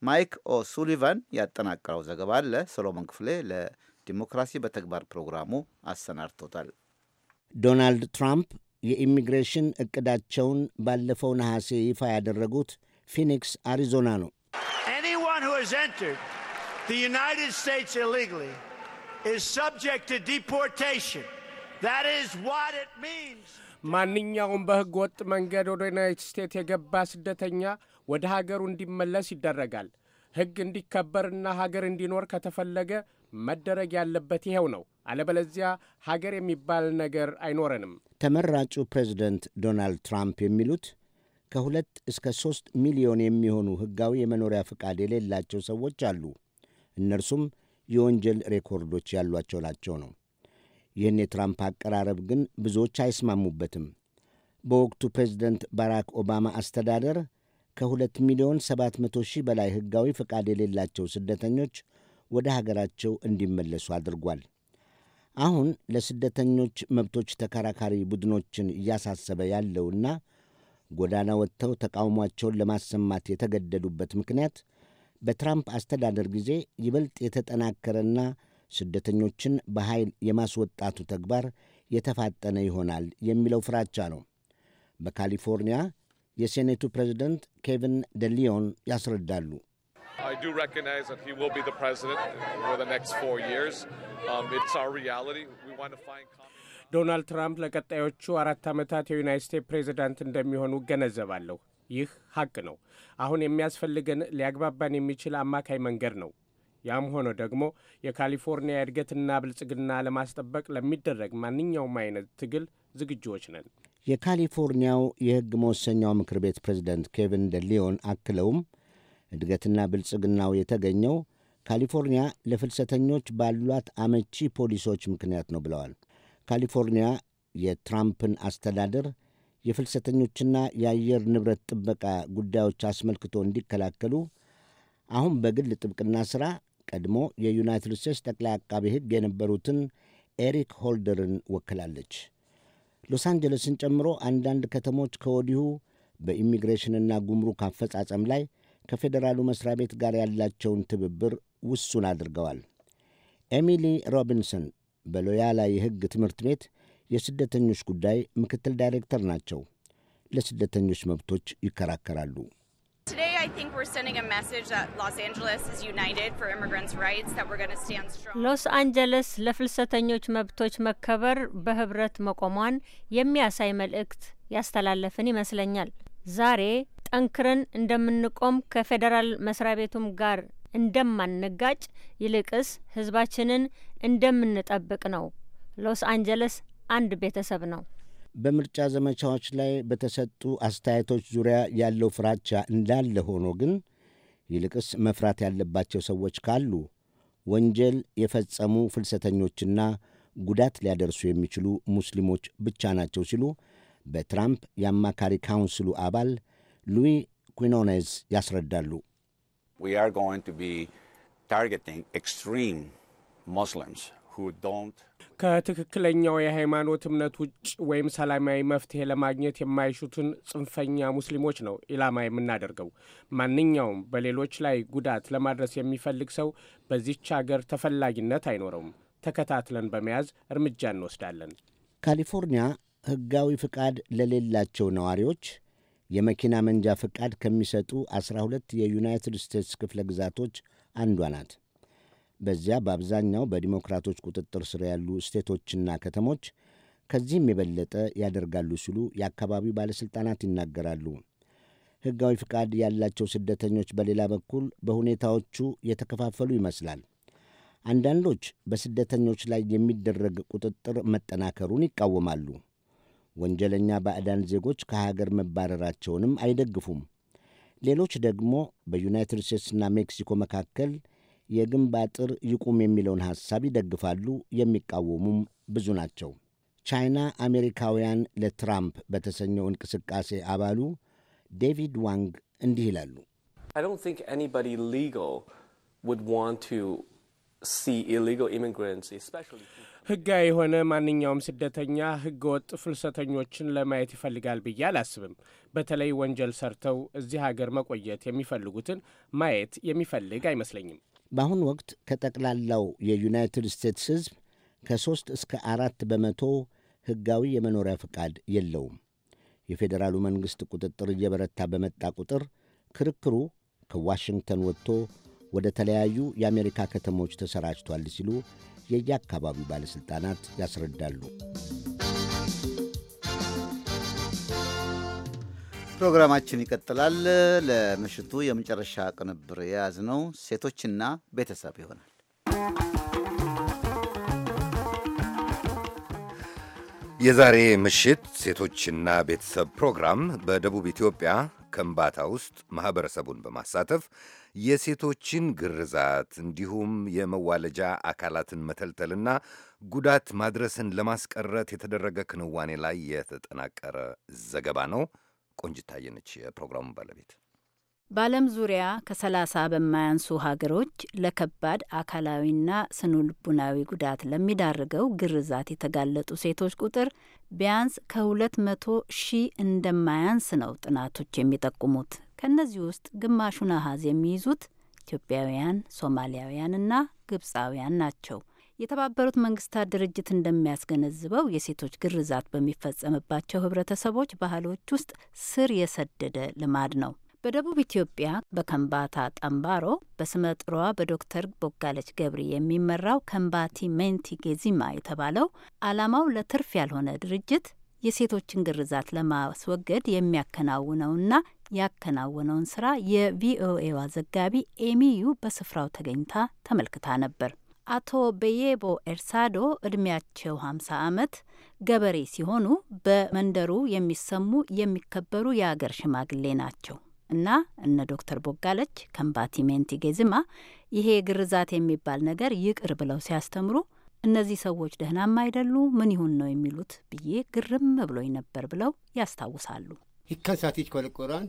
Speaker 1: ማይክ ኦሱሊቫን ያጠናቀረው ዘገባ አለ። ሰሎሞን ክፍሌ ለዲሞክራሲ በተግባር ፕሮግራሙ አሰናድቶታል።
Speaker 4: ዶናልድ ትራምፕ የኢሚግሬሽን እቅዳቸውን ባለፈው ነሐሴ ይፋ ያደረጉት ፊኒክስ አሪዞና ነው።
Speaker 5: ማንኛውም በሕገ ወጥ መንገድ ወደ ዩናይትድ ስቴትስ የገባ ስደተኛ ወደ ሀገሩ እንዲመለስ ይደረጋል። ሕግ እንዲከበርና ሀገር እንዲኖር ከተፈለገ መደረግ ያለበት ይኸው ነው። አለበለዚያ ሀገር የሚባል ነገር አይኖረንም።
Speaker 4: ተመራጩ ፕሬዚደንት ዶናልድ ትራምፕ የሚሉት ከሁለት እስከ ሦስት ሚሊዮን የሚሆኑ ሕጋዊ የመኖሪያ ፍቃድ የሌላቸው ሰዎች አሉ። እነርሱም የወንጀል ሬኮርዶች ያሏቸው ናቸው ነው ይህን የትራምፕ አቀራረብ ግን ብዙዎች አይስማሙበትም። በወቅቱ ፕሬዚደንት ባራክ ኦባማ አስተዳደር ከ2 ሚሊዮን 700 ሺህ በላይ ሕጋዊ ፈቃድ የሌላቸው ስደተኞች ወደ ሀገራቸው እንዲመለሱ አድርጓል። አሁን ለስደተኞች መብቶች ተከራካሪ ቡድኖችን እያሳሰበ ያለውና ጎዳና ወጥተው ተቃውሟቸውን ለማሰማት የተገደዱበት ምክንያት በትራምፕ አስተዳደር ጊዜ ይበልጥ የተጠናከረና ስደተኞችን በኃይል የማስወጣቱ ተግባር የተፋጠነ ይሆናል የሚለው ፍራቻ ነው። በካሊፎርኒያ የሴኔቱ ፕሬዚደንት ኬቪን ደሊዮን ያስረዳሉ። um,
Speaker 5: ዶናልድ ትራምፕ ለቀጣዮቹ አራት ዓመታት የዩናይት ስቴትስ ፕሬዝዳንት እንደሚሆኑ እገነዘባለሁ። ይህ ሀቅ ነው። አሁን የሚያስፈልገን ሊያግባባን የሚችል አማካይ መንገድ ነው። ያም ሆነ ደግሞ የካሊፎርኒያ እድገትና ብልጽግና ለማስጠበቅ ለሚደረግ ማንኛውም አይነት ትግል ዝግጁዎች ነን።
Speaker 4: የካሊፎርኒያው የሕግ መወሰኛው ምክር ቤት ፕሬዚደንት ኬቪን ደሊዮን አክለውም እድገትና ብልጽግናው የተገኘው ካሊፎርኒያ ለፍልሰተኞች ባሏት አመቺ ፖሊሶች ምክንያት ነው ብለዋል። ካሊፎርኒያ የትራምፕን አስተዳደር የፍልሰተኞችና የአየር ንብረት ጥበቃ ጉዳዮች አስመልክቶ እንዲከላከሉ አሁን በግል ጥብቅና ሥራ ቀድሞ የዩናይትድ ስቴትስ ጠቅላይ አቃቢ ሕግ የነበሩትን ኤሪክ ሆልደርን ወክላለች። ሎስ አንጀለስን ጨምሮ አንዳንድ ከተሞች ከወዲሁ በኢሚግሬሽንና ጉምሩክ አፈጻጸም ላይ ከፌዴራሉ መስሪያ ቤት ጋር ያላቸውን ትብብር ውሱን አድርገዋል። ኤሚሊ ሮቢንሰን በሎያላ የሕግ ትምህርት ቤት የስደተኞች ጉዳይ ምክትል ዳይሬክተር ናቸው። ለስደተኞች መብቶች ይከራከራሉ።
Speaker 12: ሎስ አንጀለስ ለፍልሰተኞች መብቶች መከበር በህብረት መቆሟን የሚያሳይ መልእክት ያስተላለፍን ይመስለኛል። ዛሬ ጠንክረን እንደምንቆም ከፌዴራል መስሪያ ቤቱም ጋር እንደማንጋጭ፣ ይልቅስ ህዝባችንን እንደምንጠብቅ ነው። ሎስ አንጀለስ አንድ ቤተሰብ ነው።
Speaker 4: በምርጫ ዘመቻዎች ላይ በተሰጡ አስተያየቶች ዙሪያ ያለው ፍራቻ እንዳለ ሆኖ ግን ይልቅስ መፍራት ያለባቸው ሰዎች ካሉ ወንጀል የፈጸሙ ፍልሰተኞችና ጉዳት ሊያደርሱ የሚችሉ ሙስሊሞች ብቻ ናቸው ሲሉ በትራምፕ የአማካሪ ካውንስሉ አባል ሉዊ ኩኖኔዝ ያስረዳሉ።
Speaker 3: ዊ አር ጎይንግ ቱ ቢ ታርጌቲንግ ኤክስትሪም ሙስሊምስ
Speaker 5: ከትክክለኛው የሃይማኖት እምነት ውጭ ወይም ሰላማዊ መፍትሄ ለማግኘት የማይሹትን ጽንፈኛ ሙስሊሞች ነው ኢላማ የምናደርገው። ማንኛውም በሌሎች ላይ ጉዳት ለማድረስ የሚፈልግ ሰው በዚች አገር ተፈላጊነት አይኖረውም። ተከታትለን በመያዝ እርምጃ እንወስዳለን።
Speaker 4: ካሊፎርኒያ ሕጋዊ ፍቃድ ለሌላቸው ነዋሪዎች የመኪና መንጃ ፍቃድ ከሚሰጡ 12 የዩናይትድ ስቴትስ ክፍለ ግዛቶች አንዷ ናት። በዚያ በአብዛኛው በዲሞክራቶች ቁጥጥር ስር ያሉ ስቴቶችና ከተሞች ከዚህም የበለጠ ያደርጋሉ ሲሉ የአካባቢው ባለሥልጣናት ይናገራሉ። ሕጋዊ ፍቃድ ያላቸው ስደተኞች በሌላ በኩል በሁኔታዎቹ የተከፋፈሉ ይመስላል። አንዳንዶች በስደተኞች ላይ የሚደረግ ቁጥጥር መጠናከሩን ይቃወማሉ። ወንጀለኛ ባዕዳን ዜጎች ከሀገር መባረራቸውንም አይደግፉም። ሌሎች ደግሞ በዩናይትድ ስቴትስና ሜክሲኮ መካከል የግንብ አጥር ይቁም የሚለውን ሐሳብ ይደግፋሉ፣ የሚቃወሙም ብዙ ናቸው። ቻይና አሜሪካውያን ለትራምፕ በተሰኘው እንቅስቃሴ አባሉ ዴቪድ
Speaker 5: ዋንግ እንዲህ ይላሉ። ሕጋዊ የሆነ ማንኛውም ስደተኛ ህገ ወጥ ፍልሰተኞችን ለማየት ይፈልጋል ብዬ አላስብም። በተለይ ወንጀል ሰርተው እዚህ ሀገር መቆየት የሚፈልጉትን ማየት የሚፈልግ አይመስለኝም።
Speaker 4: በአሁኑ ወቅት ከጠቅላላው የዩናይትድ ስቴትስ ሕዝብ ከሦስት እስከ አራት በመቶ ሕጋዊ የመኖሪያ ፈቃድ የለውም። የፌዴራሉ መንግሥት ቁጥጥር እየበረታ በመጣ ቁጥር ክርክሩ ከዋሽንግተን ወጥቶ ወደ ተለያዩ የአሜሪካ ከተሞች ተሰራጭቷል ሲሉ የየአካባቢው ባለሥልጣናት ያስረዳሉ።
Speaker 1: ፕሮግራማችን ይቀጥላል። ለምሽቱ የመጨረሻ ቅንብር የያዝነው ሴቶችና ቤተሰብ ይሆናል።
Speaker 2: የዛሬ ምሽት ሴቶችና ቤተሰብ ፕሮግራም በደቡብ ኢትዮጵያ ከምባታ ውስጥ ማኅበረሰቡን በማሳተፍ የሴቶችን ግርዛት እንዲሁም የመዋለጃ አካላትን መተልተልና ጉዳት ማድረስን ለማስቀረት የተደረገ ክንዋኔ ላይ የተጠናቀረ ዘገባ ነው። ቆንጅታየነች የፕሮግራሙ ባለቤት።
Speaker 7: በዓለም ዙሪያ ከሰላሳ በማያንሱ ሀገሮች ለከባድ አካላዊና ስኑልቡናዊ ጉዳት ለሚዳርገው ግርዛት የተጋለጡ ሴቶች ቁጥር ቢያንስ ከሁለት መቶ ሺህ እንደማያንስ ነው ጥናቶች የሚጠቁሙት። ከእነዚህ ውስጥ ግማሹን አሀዝ የሚይዙት ኢትዮጵያውያን፣ ሶማሊያውያንና ግብፃውያን ናቸው። የተባበሩት መንግስታት ድርጅት እንደሚያስገነዝበው የሴቶች ግርዛት በሚፈጸምባቸው ህብረተሰቦች ባህሎች ውስጥ ስር የሰደደ ልማድ ነው። በደቡብ ኢትዮጵያ በከምባታ ጠምባሮ በስመ ጥሯ በዶክተር ቦጋለች ገብሪ የሚመራው ከምባቲ ሜንቲ ጌዚማ የተባለው ዓላማው ለትርፍ ያልሆነ ድርጅት የሴቶችን ግርዛት ለማስወገድ የሚያከናውነውና ያከናወነውን ስራ የቪኦኤዋ ዘጋቢ ኤሚዩ በስፍራው ተገኝታ ተመልክታ ነበር። አቶ በየቦ ኤርሳዶ እድሜያቸው 50 ዓመት ገበሬ ሲሆኑ በመንደሩ የሚሰሙ የሚከበሩ የአገር ሽማግሌ ናቸው እና እነ ዶክተር ቦጋለች ከምባቲሜንቲ ጌዝማ ይሄ ግርዛት የሚባል ነገር ይቅር ብለው ሲያስተምሩ እነዚህ ሰዎች ደህናም አይደሉ፣ ምን ይሁን ነው የሚሉት ብዬ ግርም ብሎኝ ነበር ብለው ያስታውሳሉ። ይካሳቲች ኮለቆራን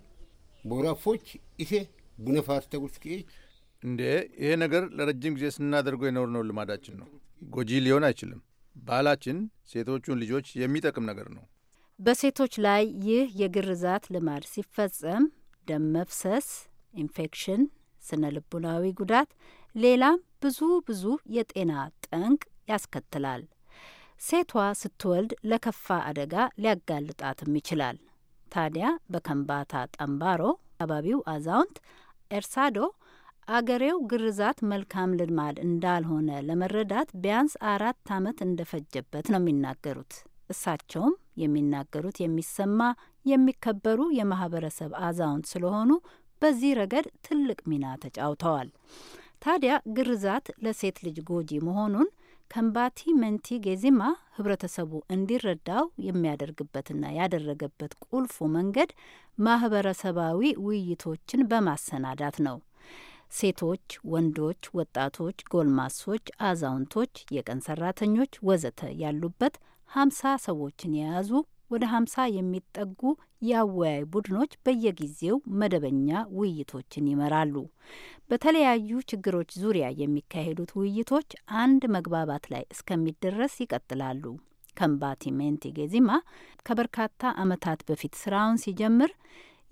Speaker 7: ቦራፎች ኢሴ ጉነፋስተጉልስኪች
Speaker 13: እንዴ ይሄ ነገር ለረጅም ጊዜ ስናደርገው የኖርነው ልማዳችን ነው። ጎጂ ሊሆን አይችልም። ባህላችን ሴቶቹን ልጆች የሚጠቅም ነገር ነው።
Speaker 7: በሴቶች ላይ ይህ የግርዛት ልማድ ሲፈጸም ደም መፍሰስ፣ ኢንፌክሽን፣ ስነ ልቡናዊ ጉዳት፣ ሌላም ብዙ ብዙ የጤና ጠንቅ ያስከትላል። ሴቷ ስትወልድ ለከፋ አደጋ ሊያጋልጣትም ይችላል። ታዲያ በከምባታ ጠምባሮ አካባቢው አዛውንት ኤርሳዶ አገሬው ግርዛት መልካም ልማድ እንዳልሆነ ለመረዳት ቢያንስ አራት ዓመት እንደፈጀበት ነው የሚናገሩት። እሳቸውም የሚናገሩት የሚሰማ የሚከበሩ የማህበረሰብ አዛውንት ስለሆኑ በዚህ ረገድ ትልቅ ሚና ተጫውተዋል። ታዲያ ግርዛት ለሴት ልጅ ጎጂ መሆኑን ከምባቲ መንቲ ጌዚማ ህብረተሰቡ እንዲረዳው የሚያደርግበትና ያደረገበት ቁልፉ መንገድ ማህበረሰባዊ ውይይቶችን በማሰናዳት ነው። ሴቶች፣ ወንዶች፣ ወጣቶች፣ ጎልማሶች፣ አዛውንቶች፣ የቀን ሰራተኞች ወዘተ ያሉበት ሀምሳ ሰዎችን የያዙ ወደ ሀምሳ የሚጠጉ የአወያይ ቡድኖች በየጊዜው መደበኛ ውይይቶችን ይመራሉ። በተለያዩ ችግሮች ዙሪያ የሚካሄዱት ውይይቶች አንድ መግባባት ላይ እስከሚደረስ ይቀጥላሉ። ከምባቲ ሜንቴ ጌዚማ ከበርካታ ዓመታት በፊት ስራውን ሲጀምር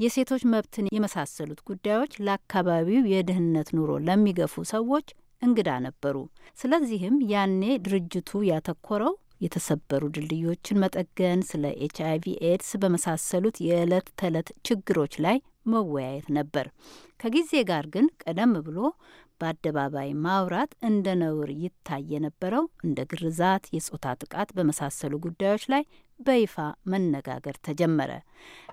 Speaker 7: የሴቶች መብትን የመሳሰሉት ጉዳዮች ለአካባቢው የድህነት ኑሮ ለሚገፉ ሰዎች እንግዳ ነበሩ። ስለዚህም ያኔ ድርጅቱ ያተኮረው የተሰበሩ ድልድዮችን መጠገን፣ ስለ ኤች አይቪ ኤድስ በመሳሰሉት የዕለት ተዕለት ችግሮች ላይ መወያየት ነበር። ከጊዜ ጋር ግን ቀደም ብሎ በአደባባይ ማውራት እንደ ነውር ይታይ የነበረው እንደ ግርዛት፣ የጾታ ጥቃት በመሳሰሉ ጉዳዮች ላይ በይፋ መነጋገር ተጀመረ።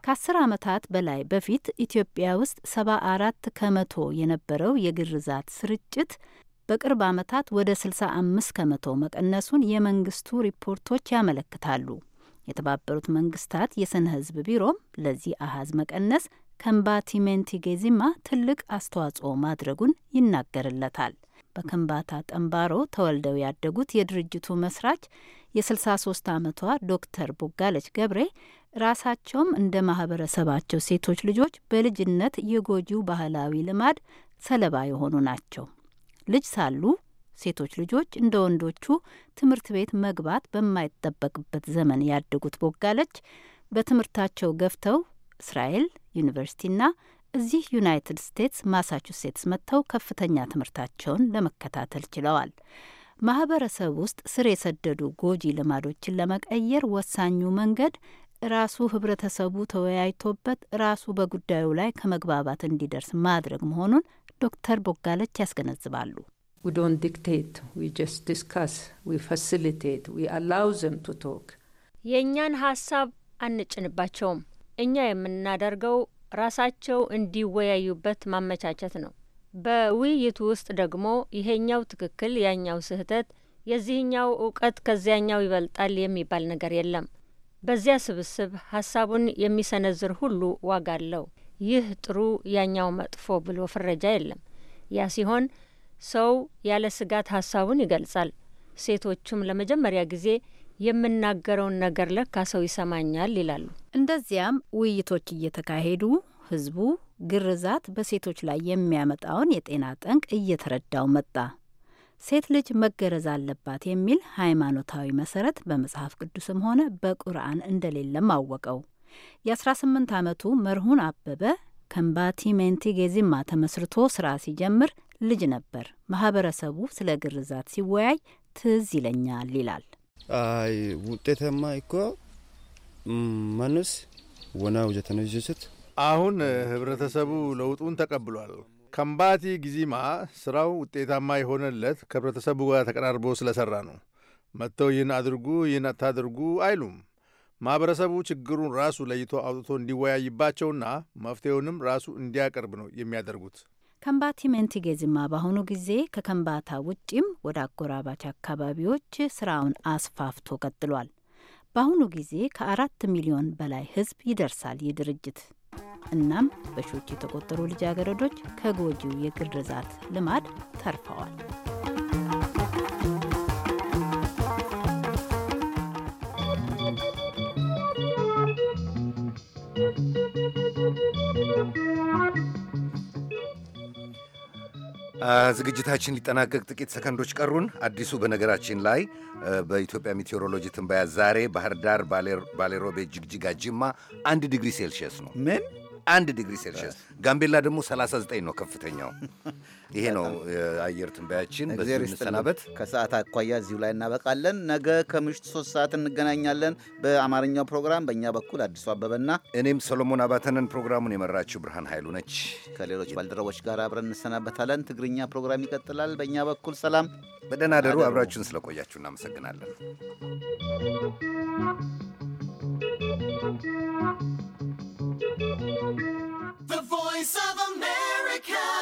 Speaker 7: ከአስር ዓመታት በላይ በፊት ኢትዮጵያ ውስጥ ሰባ አራት ከመቶ የነበረው የግርዛት ስርጭት በቅርብ ዓመታት ወደ 65 ከመቶ መቀነሱን የመንግስቱ ሪፖርቶች ያመለክታሉ። የተባበሩት መንግስታት የስነ ህዝብ ቢሮም ለዚህ አሃዝ መቀነስ ከምባቲሜንቲ ጌዚማ ትልቅ አስተዋጽኦ ማድረጉን ይናገርለታል። በከምባታ ጠንባሮ ተወልደው ያደጉት የድርጅቱ መስራች የ63 ዓመቷ ዶክተር ቦጋለች ገብሬ ራሳቸውም እንደ ማህበረሰባቸው ሴቶች ልጆች በልጅነት የጎጂው ባህላዊ ልማድ ሰለባ የሆኑ ናቸው። ልጅ ሳሉ ሴቶች ልጆች እንደ ወንዶቹ ትምህርት ቤት መግባት በማይጠበቅበት ዘመን ያደጉት ቦጋለች በትምህርታቸው ገፍተው እስራኤል፣ ዩኒቨርሲቲና እዚህ ዩናይትድ ስቴትስ ማሳቹሴትስ መጥተው ከፍተኛ ትምህርታቸውን ለመከታተል ችለዋል። ማህበረሰብ ውስጥ ስር የሰደዱ ጎጂ ልማዶችን ለመቀየር ወሳኙ መንገድ ራሱ ህብረተሰቡ ተወያይቶበት ራሱ በጉዳዩ ላይ ከመግባባት እንዲደርስ ማድረግ መሆኑን ዶክተር ቦጋለች ያስገነዝባሉ። ዊ ዶንት ዲክቴት ዊ ጀስት ዲስካስ ዊ ፋሲሊቴት ዊ አላው ዘም ቱ ቶክ
Speaker 12: የእኛን ሀሳብ አንጭንባቸውም እኛ የምናደርገው ራሳቸው እንዲወያዩበት ማመቻቸት ነው። በውይይቱ ውስጥ ደግሞ ይሄኛው ትክክል፣ ያኛው ስህተት፣ የዚህኛው እውቀት ከዚያኛው ይበልጣል የሚባል ነገር የለም። በዚያ ስብስብ ሀሳቡን የሚሰነዝር ሁሉ ዋጋ አለው። ይህ ጥሩ፣ ያኛው መጥፎ ብሎ ፍረጃ የለም። ያ ሲሆን ሰው ያለ ስጋት ሀሳቡን ይገልጻል። ሴቶቹም ለመጀመሪያ ጊዜ የምናገረውን ነገር ለካ ሰው ይሰማኛል ይላሉ።
Speaker 7: እንደዚያም ውይይቶች እየተካሄዱ ህዝቡ ግርዛት በሴቶች ላይ የሚያመጣውን የጤና ጠንቅ እየተረዳው መጣ። ሴት ልጅ መገረዝ አለባት የሚል ሃይማኖታዊ መሰረት በመጽሐፍ ቅዱስም ሆነ በቁርአን እንደሌለም አወቀው። የ18 ዓመቱ መርሁን አበበ ሜንቲ ጌዚማ ተመስርቶ ስራ ሲጀምር ልጅ ነበር። ማህበረሰቡ ስለ ግርዛት ሲወያይ ትዝ ይለኛል ይላል።
Speaker 11: አይ ውጤታማ እኮ ማንስ ወና ውጀተነ አሁን ህብረተሰቡ
Speaker 13: ለውጡን ተቀብሏል። ከምባቲ ጊዜማ ስራው ውጤታማ የሆነለት ከህብረተሰቡ ጋር ተቀራርቦ ስለሰራ ነው። መጥተው ይህን አድርጉ ይህን አታድርጉ አይሉም። ማህበረሰቡ ችግሩን ራሱ ለይቶ አውጥቶ እንዲወያይባቸውና መፍትሄውንም ራሱ እንዲያቀርብ ነው የሚያደርጉት።
Speaker 7: ጌዝማ በአሁኑ ጊዜ ከከምባታ ውጪም ወደ አጎራባች አካባቢዎች ስራውን አስፋፍቶ ቀጥሏል። በአሁኑ ጊዜ ከአራት ሚሊዮን በላይ ህዝብ ይደርሳል ይህ ድርጅት። እናም በሺዎች የተቆጠሩ ልጃገረዶች ከጎጂው የግርዛት ልማድ ተርፈዋል።
Speaker 2: ዝግጅታችን ሊጠናቀቅ ጥቂት ሰከንዶች ቀሩን። አዲሱ በነገራችን ላይ በኢትዮጵያ ሜቴዎሮሎጂ ትንበያ ዛሬ ባህር ዳር፣ ባሌሮቤ፣ ጅግጅጋ፣ ጅማ አንድ ዲግሪ ሴልሽስ ነው። ምን አንድ ዲግሪ ሴልሽስ ጋምቤላ ደግሞ 39 ነው ከፍተኛው። ይሄ ነው የአየር ትንበያችን።
Speaker 1: በሰናበት ከሰዓት አኳያ እዚሁ ላይ እናበቃለን። ነገ ከምሽቱ ሶስት ሰዓት እንገናኛለን
Speaker 2: በአማርኛው ፕሮግራም። በእኛ በኩል አዲሱ አበበና እኔም ሰሎሞን አባተንን፣ ፕሮግራሙን የመራችው ብርሃን ኃይሉ ነች።
Speaker 1: ከሌሎች ባልደረቦች ጋር አብረን እንሰናበታለን። ትግርኛ ፕሮግራም ይቀጥላል። በእኛ በኩል ሰላም፣
Speaker 2: በደህና አብራችሁን ስለቆያችሁ እናመሰግናለን።
Speaker 13: Voice of America.